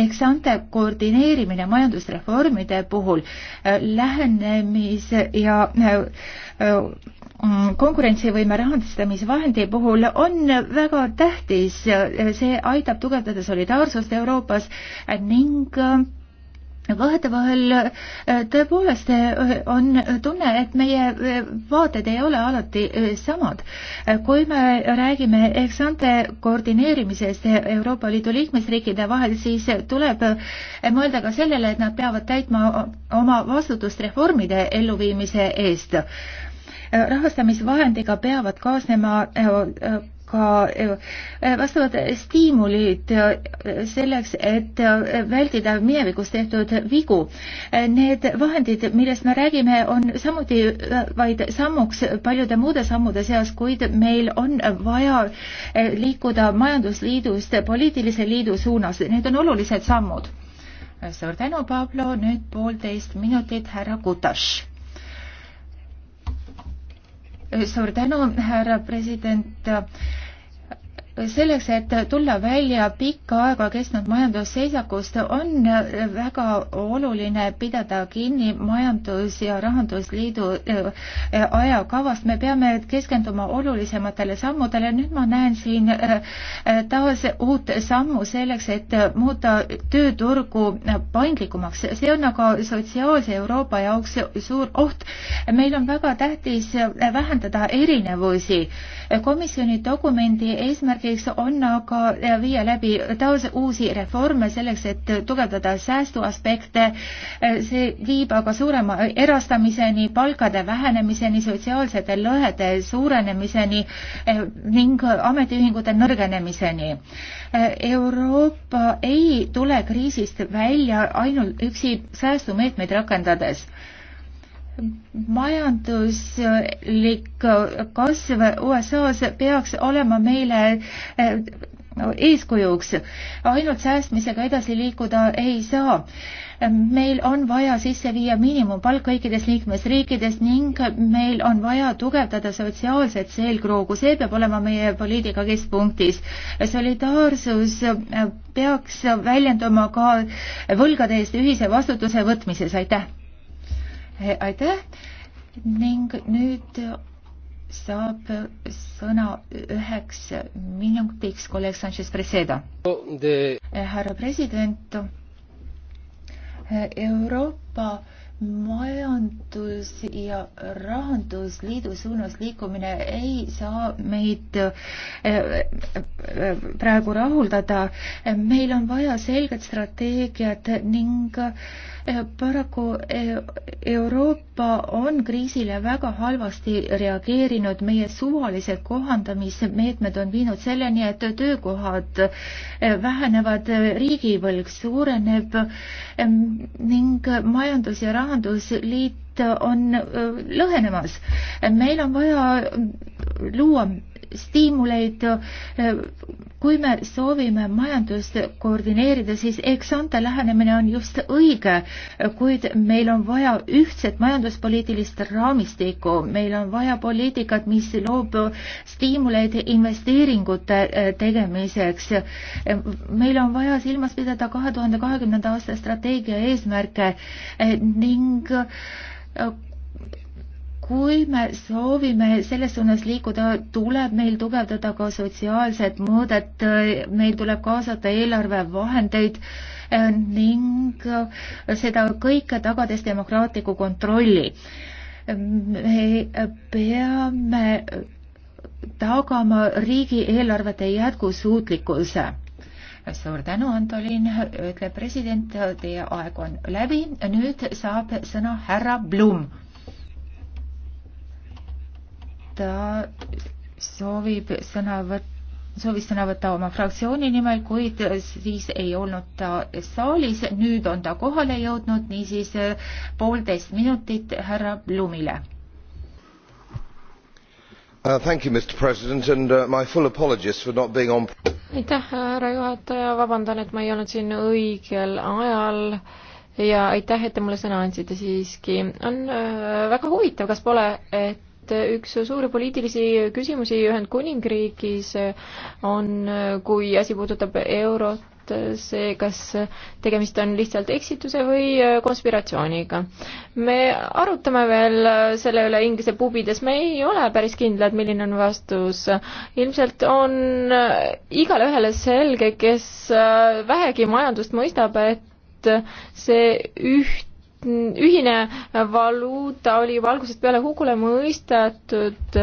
ehk see ante koordineerimine majandusreformide puhul, äh, lähenemise ja äh, konkurentsivõime rahastamisvahendi puhul on väga tähtis, see aitab tugevdada solidaarsust Euroopas ning vahetevahel äh, tõepoolest äh, on tunne, et meie äh, vaated ei ole alati samad. kui me räägime eksante koordineerimisest Euroopa Liidu liikmesriikide vahel, siis tuleb mõelda ka sellele, et nad peavad täitma oma vastutust reformide elluviimise eest rahastamisvahendiga peavad kaasnema äh, äh, ka äh, vastavad stiimulid selleks, et vältida minevikus tehtud vigu. Need vahendid, millest me räägime, on samuti vaid sammuks paljude muude sammude seas, kuid meil on vaja liikuda majandusliidust poliitilise liidu suunas. Need on olulised sammud. suur tänu, Pablo, nüüd poolteist minutit, härra Kutas suur tänu, härra president selleks, et tulla välja pikka aega kestnud majandusseisakust, on väga oluline pidada kinni Majandus- ja Rahandusliidu äh, ajakavast. me peame keskenduma olulisematele sammudele. nüüd ma näen siin äh, taas uut sammu selleks, et muuta tööturgu paindlikumaks. see on aga sotsiaalse Euroopa jaoks suur oht. meil on väga tähtis vähendada erinevusi. komisjoni dokumendi eesmärk eesmärgiks on aga viia läbi taas uusi reforme selleks, et tugevdada säästuaspekte. see viib aga suurema erastamiseni, palkade vähenemiseni, sotsiaalsete lõhede suurenemiseni eh, ning ametiühingute nõrgenemiseni. Eh, Euroopa ei tule kriisist välja ainult üksi säästumeetmeid rakendades majanduslik kasv USA-s peaks olema meile eh, eeskujuks. ainult säästmisega edasi liikuda ei saa. meil on vaja sisse viia miinimumpalk kõikides liikmesriikides ning meil on vaja tugevdada sotsiaalset selgroogu, see peab olema meie poliitika keskpunktis. solidaarsus peaks väljenduma ka võlgade eest ühise vastutuse võtmises, aitäh! Eh, aitäh ning nüüd saab sõna üheks minutiks kolleeg Sanchez Preseda. Eh, härra president, eh, Euroopa majandus- ja rahandusliidu suunas liikumine ei saa meid praegu rahuldada. meil on vaja selget strateegiat ning Eh, paraku eh, Euroopa on kriisile väga halvasti reageerinud, meie suvalised kohandamismeetmed on viinud selleni, et töökohad eh, vähenevad, riigivõlg suureneb ning Majandus- ja Rahandusliit on lõhenemas. meil on vaja luua stiimuleid, kui me soovime majandust koordineerida, siis eksante lähenemine on just õige, kuid meil on vaja ühtset majanduspoliitilist raamistikku, meil on vaja poliitikat, mis loob stiimuleid investeeringute tegemiseks. meil on vaja silmas pidada kahe tuhande kahekümnenda aasta strateegia eesmärke ning kui me soovime selles suunas liikuda, tuleb meil tugevdada ka sotsiaalset mõõdet, meil tuleb kaasata eelarvevahendeid eh, ning eh, seda kõike tagades demokraatliku kontrolli. me eh, peame tagama riigieelarvete jätkusuutlikkuse suur tänu, Antolin, ütleb president, teie aeg on läbi, nüüd saab sõna härra Blum ta soovib sõna võtta soovis sõna võtta oma fraktsiooni nimel, kuid siis ei olnud ta saalis, nüüd on ta kohale jõudnud, niisiis poolteist minutit härra Blumile. Uh, thank you, Mr President and uh, my full apologies for not being on. aitäh, härra juhataja, vabandan, et ma ei olnud siin õigel ajal ja aitäh, et te mulle sõna andsite siiski. on uh, väga huvitav, kas pole, et et üks suuri poliitilisi küsimusi Ühendkuningriigis on, kui asi puudutab eurot, see, kas tegemist on lihtsalt eksituse või konspiratsiooniga. me arutame veel selle üle Inglise pubides, me ei ole päris kindlad, milline on vastus. ilmselt on igale ühele selge, kes vähegi majandust mõistab, et see üht ühine valuuta oli valgusest peale hukule mõistetud,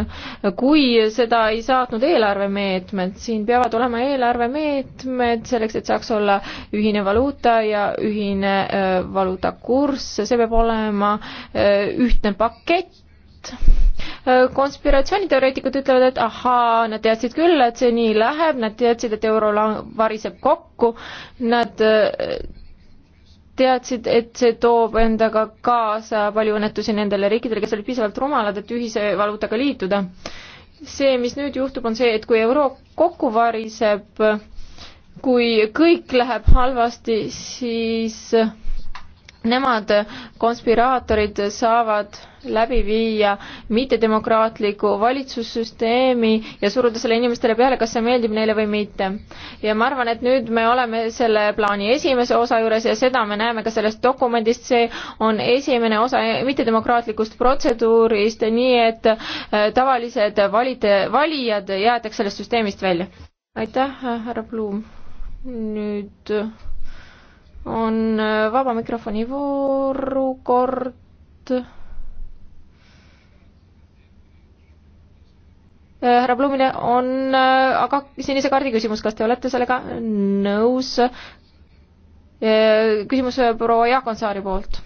kui seda ei saatnud eelarvemeetmed. siin peavad olema eelarvemeetmed selleks, et saaks olla ühine valuuta ja ühine äh, valuutakurss, see peab olema äh, ühtne pakett äh, konspiratsiooniteoreetikud ütlevad, et ahaa, nad teadsid küll, et see nii läheb, nad teadsid, et euro variseb kokku, nad teadsid, et see toob endaga kaasa palju õnnetusi nendele riikidele, kes olid piisavalt rumalad, et ühise valuutaga liituda. see, mis nüüd juhtub, on see, et kui euro kokku variseb, kui kõik läheb halvasti, siis nemad, konspiraatorid, saavad läbi viia mittedemokraatliku valitsussüsteemi ja suruda selle inimestele peale, kas see meeldib neile või mitte. ja ma arvan, et nüüd me oleme selle plaani esimese osa juures ja seda me näeme ka sellest dokumendist, see on esimene osa mittedemokraatlikust protseduurist, nii et äh, tavalised valite, valijad jäetakse sellest süsteemist välja. aitäh, härra Blum. nüüd on äh, vaba mikrofoni vooru kord. Äh, härra Blumile on äh, aga sinise kaardi küsimus, kas te olete sellega nõus? küsimus proua Jaakonsaari poolt.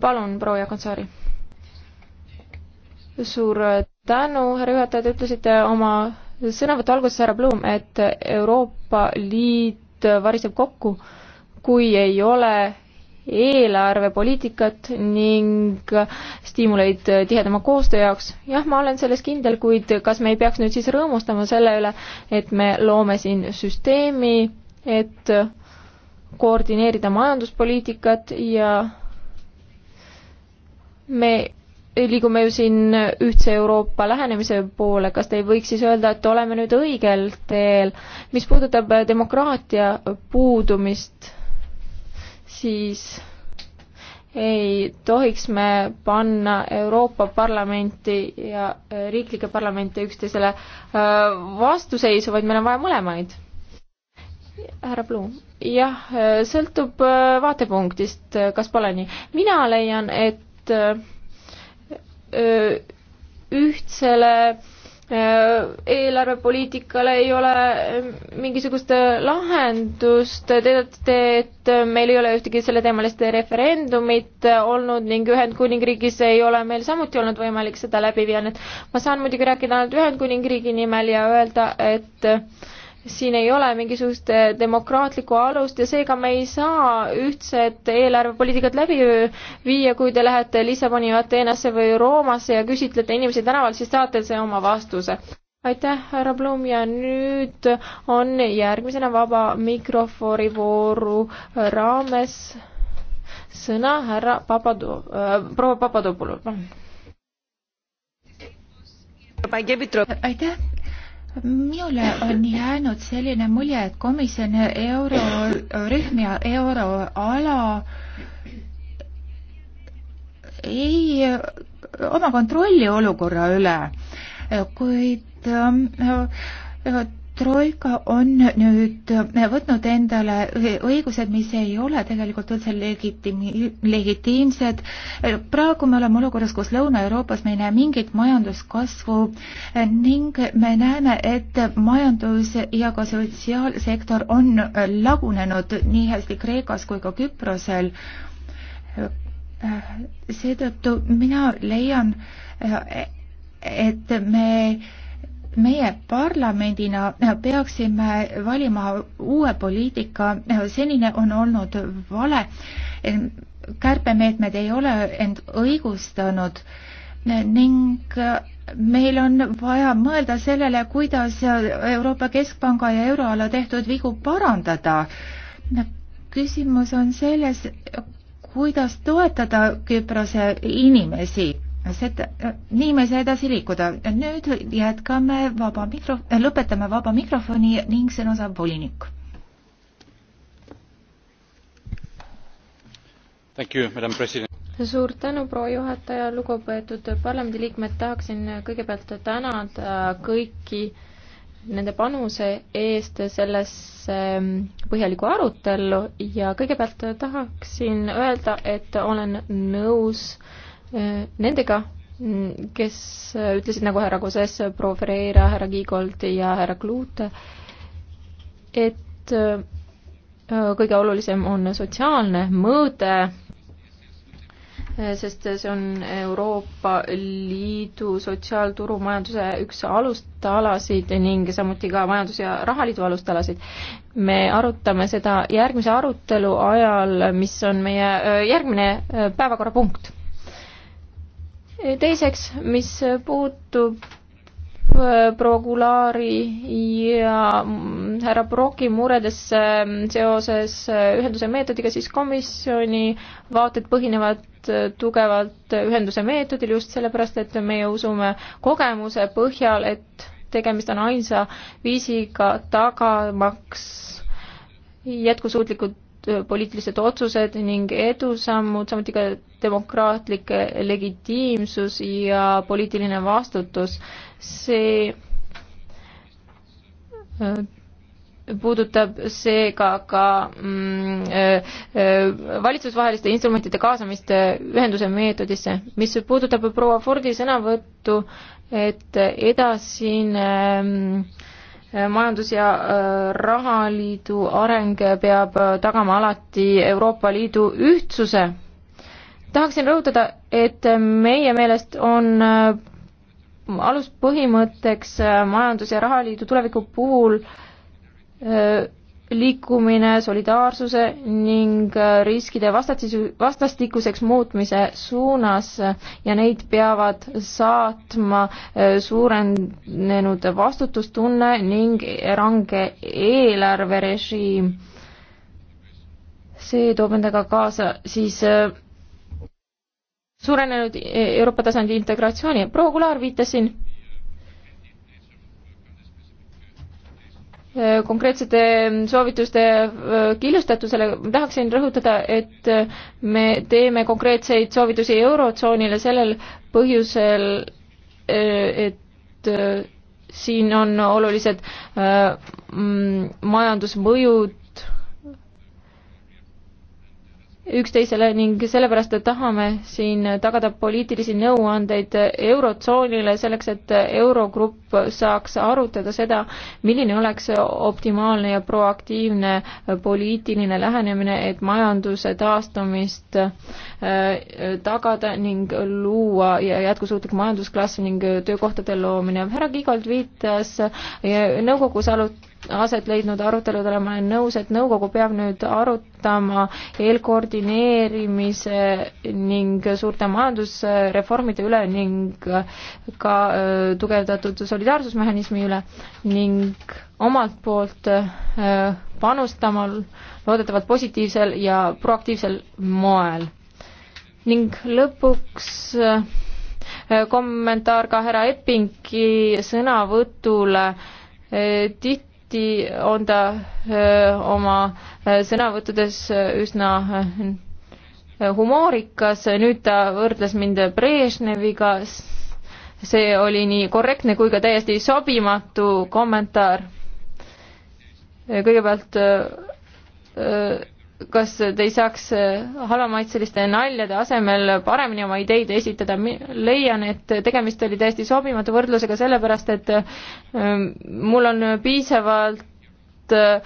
palun, proua Jaakonsaari. suur tänu, härra juhataja, te ütlesite oma sõnavõtu alguses, härra Blum, et Euroopa Liit variseb kokku äh, kui ei ole eelarvepoliitikat ning stiimuleid tihedama koostöö jaoks. jah, ma olen selles kindel, kuid kas me ei peaks nüüd siis rõõmustama selle üle, et me loome siin süsteemi, et koordineerida majanduspoliitikat ja me liigume ju siin ühtse Euroopa lähenemise poole, kas te ei võiks siis öelda, et oleme nüüd õigel teel, mis puudutab demokraatia puudumist siis ei tohiks me panna Euroopa Parlamenti ja äh, riiklikke parlamente üksteisele äh, vastuseisu, vaid meil on vaja mõlemaid. härra Blum, jah, äh, sõltub vaatepunktist, kas pole nii. mina leian, et ühtsele Äh, eelarvepoliitikale ei ole äh, mingisugust äh, lahendust, te teate, et meil ei ole ühtegi selleteemalist referendumit olnud ning Ühendkuningriigis ei ole meil samuti olnud võimalik seda läbi viia, nii et ma saan muidugi rääkida ainult Ühendkuningriigi nimel ja öelda, et siin ei ole mingisugust eh, demokraatlikku alust ja seega me ei saa ühtset eelarvepoliitikat läbi viia, kui te lähete Lissaboni või Ateenasse või Roomasse ja küsitlete inimesi tänaval, siis saate see oma vastuse. aitäh, härra Blum ja nüüd on järgmisena vaba mikrofoni vooru raames sõna härra Papadu- äh,, proua Papadopolul, palun. aitäh minule on jäänud selline mulje, et komisjon eurorühm ja euroala ei oma kontrolli olukorra üle, kuid ähm, troika on nüüd võtnud endale õigused, mis ei ole tegelikult üldse legitiimi-, legitiimsed. praegu me oleme olukorras, kus Lõuna-Euroopas me ei näe mingit majanduskasvu ning me näeme, et majandus ja ka sotsiaalsektor on lagunenud nii hästi Kreekas kui ka Küprosel seetõttu mina leian, et me meie parlamendina peaksime valima uue poliitika, senine on olnud vale. kärpemeetmed ei ole end õigustanud ning meil on vaja mõelda sellele, kuidas Euroopa Keskpanga ja euroala tehtud vigu parandada. küsimus on selles, kuidas toetada Küprose inimesi seda, äh, nii me ei saa edasi liikuda. nüüd jätkame vaba mikro, äh, lõpetame vaba mikrofoni ning sõna saab volinik. suur tänu, proua juhataja, lugupeetud parlamendiliikmed, tahaksin kõigepealt tänada kõiki nende panuse eest sellesse ähm, põhjalikku arutellu ja kõigepealt tahaksin öelda, et olen nõus äh, nendega, kes ütlesid, nagu härra Koses, proua Ferreira, härra Kiigold ja härra Kluut, et äh, kõige olulisem on sotsiaalne mõõde, sest see on Euroopa Liidu sotsiaalturumajanduse üks alustalasid ning samuti ka Majandus- ja Rahaliidu alustalasid. me arutame seda järgmise arutelu ajal, mis on meie äh, järgmine äh, päevakorrapunkt teiseks, mis puutub äh, proua Gulaari ja mm, härra Broki muredesse mm, seoses äh, ühenduse meetodiga, siis komisjoni vaated põhinevad äh, tugevalt ühenduse meetodil just sellepärast, et meie usume kogemuse põhjal, et tegemist on ainsa viisiga tagamaks jätkusuutlikud poliitilised otsused ning edusammud, samuti ka demokraatlik legitiimsus ja poliitiline vastutus. see puudutab seega ka mm, valitsusvaheliste instrumentide kaasamist ühenduse meetodisse. mis puudutab proua Fordi sõnavõttu, et edasine mm, majandus- ja äh, rahaliidu areng peab äh, tagama alati Euroopa Liidu ühtsuse. tahaksin rõhutada, et meie meelest on äh, aluspõhimõtteks majandus- ja rahaliidu tuleviku puhul liikumine solidaarsuse ning äh, riskide vastastisu, vastastikuseks muutmise suunas ja neid peavad saatma äh, suurenenud vastutustunne ning range eelarverežiim. see toob endaga kaasa siis äh, suurenenud e-, Euroopa tasandi integratsiooni. proua Kular viitas siin Äh, konkreetsete mm, soovituste äh, killustatusele tahaksin rõhutada, et äh, me teeme konkreetseid soovitusi Eurotsoonile sellel põhjusel, et siin on olulised mm, majandusmõjud üksteisele ning sellepärast tahame siin tagada poliitilisi nõuandeid Eurotsoonile selleks, et Eurogrupp saaks arutada seda, milline oleks optimaalne ja proaktiivne poliitiline lähenemine, et majanduse taastumist äh, tagada ning luua jätkusuutlik majandusklasv ning töökohtade loomine. härra Kiigold viitas äh, nõukogus arut-, aset leidnud aruteludele, ma olen nõus, et nõukogu peab nüüd arutama eelkoordineerimise ning suurte majandusreformide üle ning ka äh, tugevdatud solidaarsusmehhanismi üle ning omalt poolt äh, panustama loodetavalt positiivsel ja proaktiivsel moel. ning lõpuks äh, kommentaar ka härra Eppinki sõnavõtule tihti tihti on ta oma sõnavõttudes üsna humoorikas, nüüd ta võrdles mind Brežneviga, see oli nii korrektne kui ka täiesti sobimatu kommentaar. kõigepealt öö, kas te ei saaks äh, halvamaitseliste naljade asemel paremini oma ideid esitada, leian, et tegemist oli täiesti sobimatu võrdlusega, sellepärast et äh, mul on piisavalt Äh,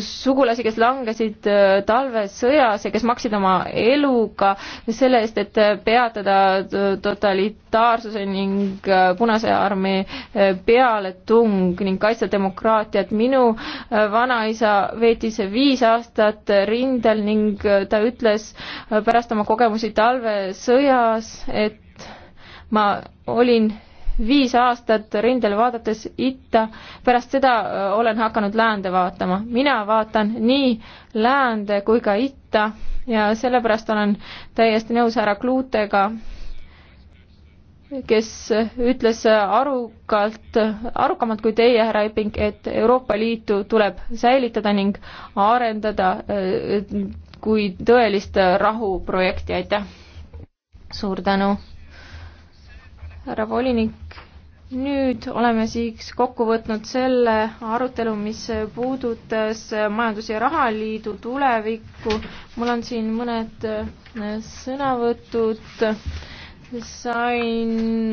sugulasi, kes langesid äh, talves sõjas ja kes maksid oma eluga selle eest, et äh, peatada totalitaarsuse ning Punase armee pealetung ning kaitsta demokraatiat. minu vanaisa veetis viis aastat rindel ning ta ütles pärast oma kogemusi talvesõjas, et ma olin viis aastat rindel vaadates itta, pärast seda äh, olen hakanud läände vaatama. mina vaatan nii läände kui ka itta ja sellepärast olen täiesti nõus härra Kluutega, kes ütles arukalt, arukamalt kui teie, härra Epping, et Euroopa Liitu tuleb säilitada ning arendada äh, kui tõelist rahuprojekti, aitäh! suur tänu! härra volinik, nüüd oleme siis kokku võtnud selle arutelu, mis puudutas Majandus- ja Rahaliidu tulevikku. mul on siin mõned äh, sõnavõtud, sain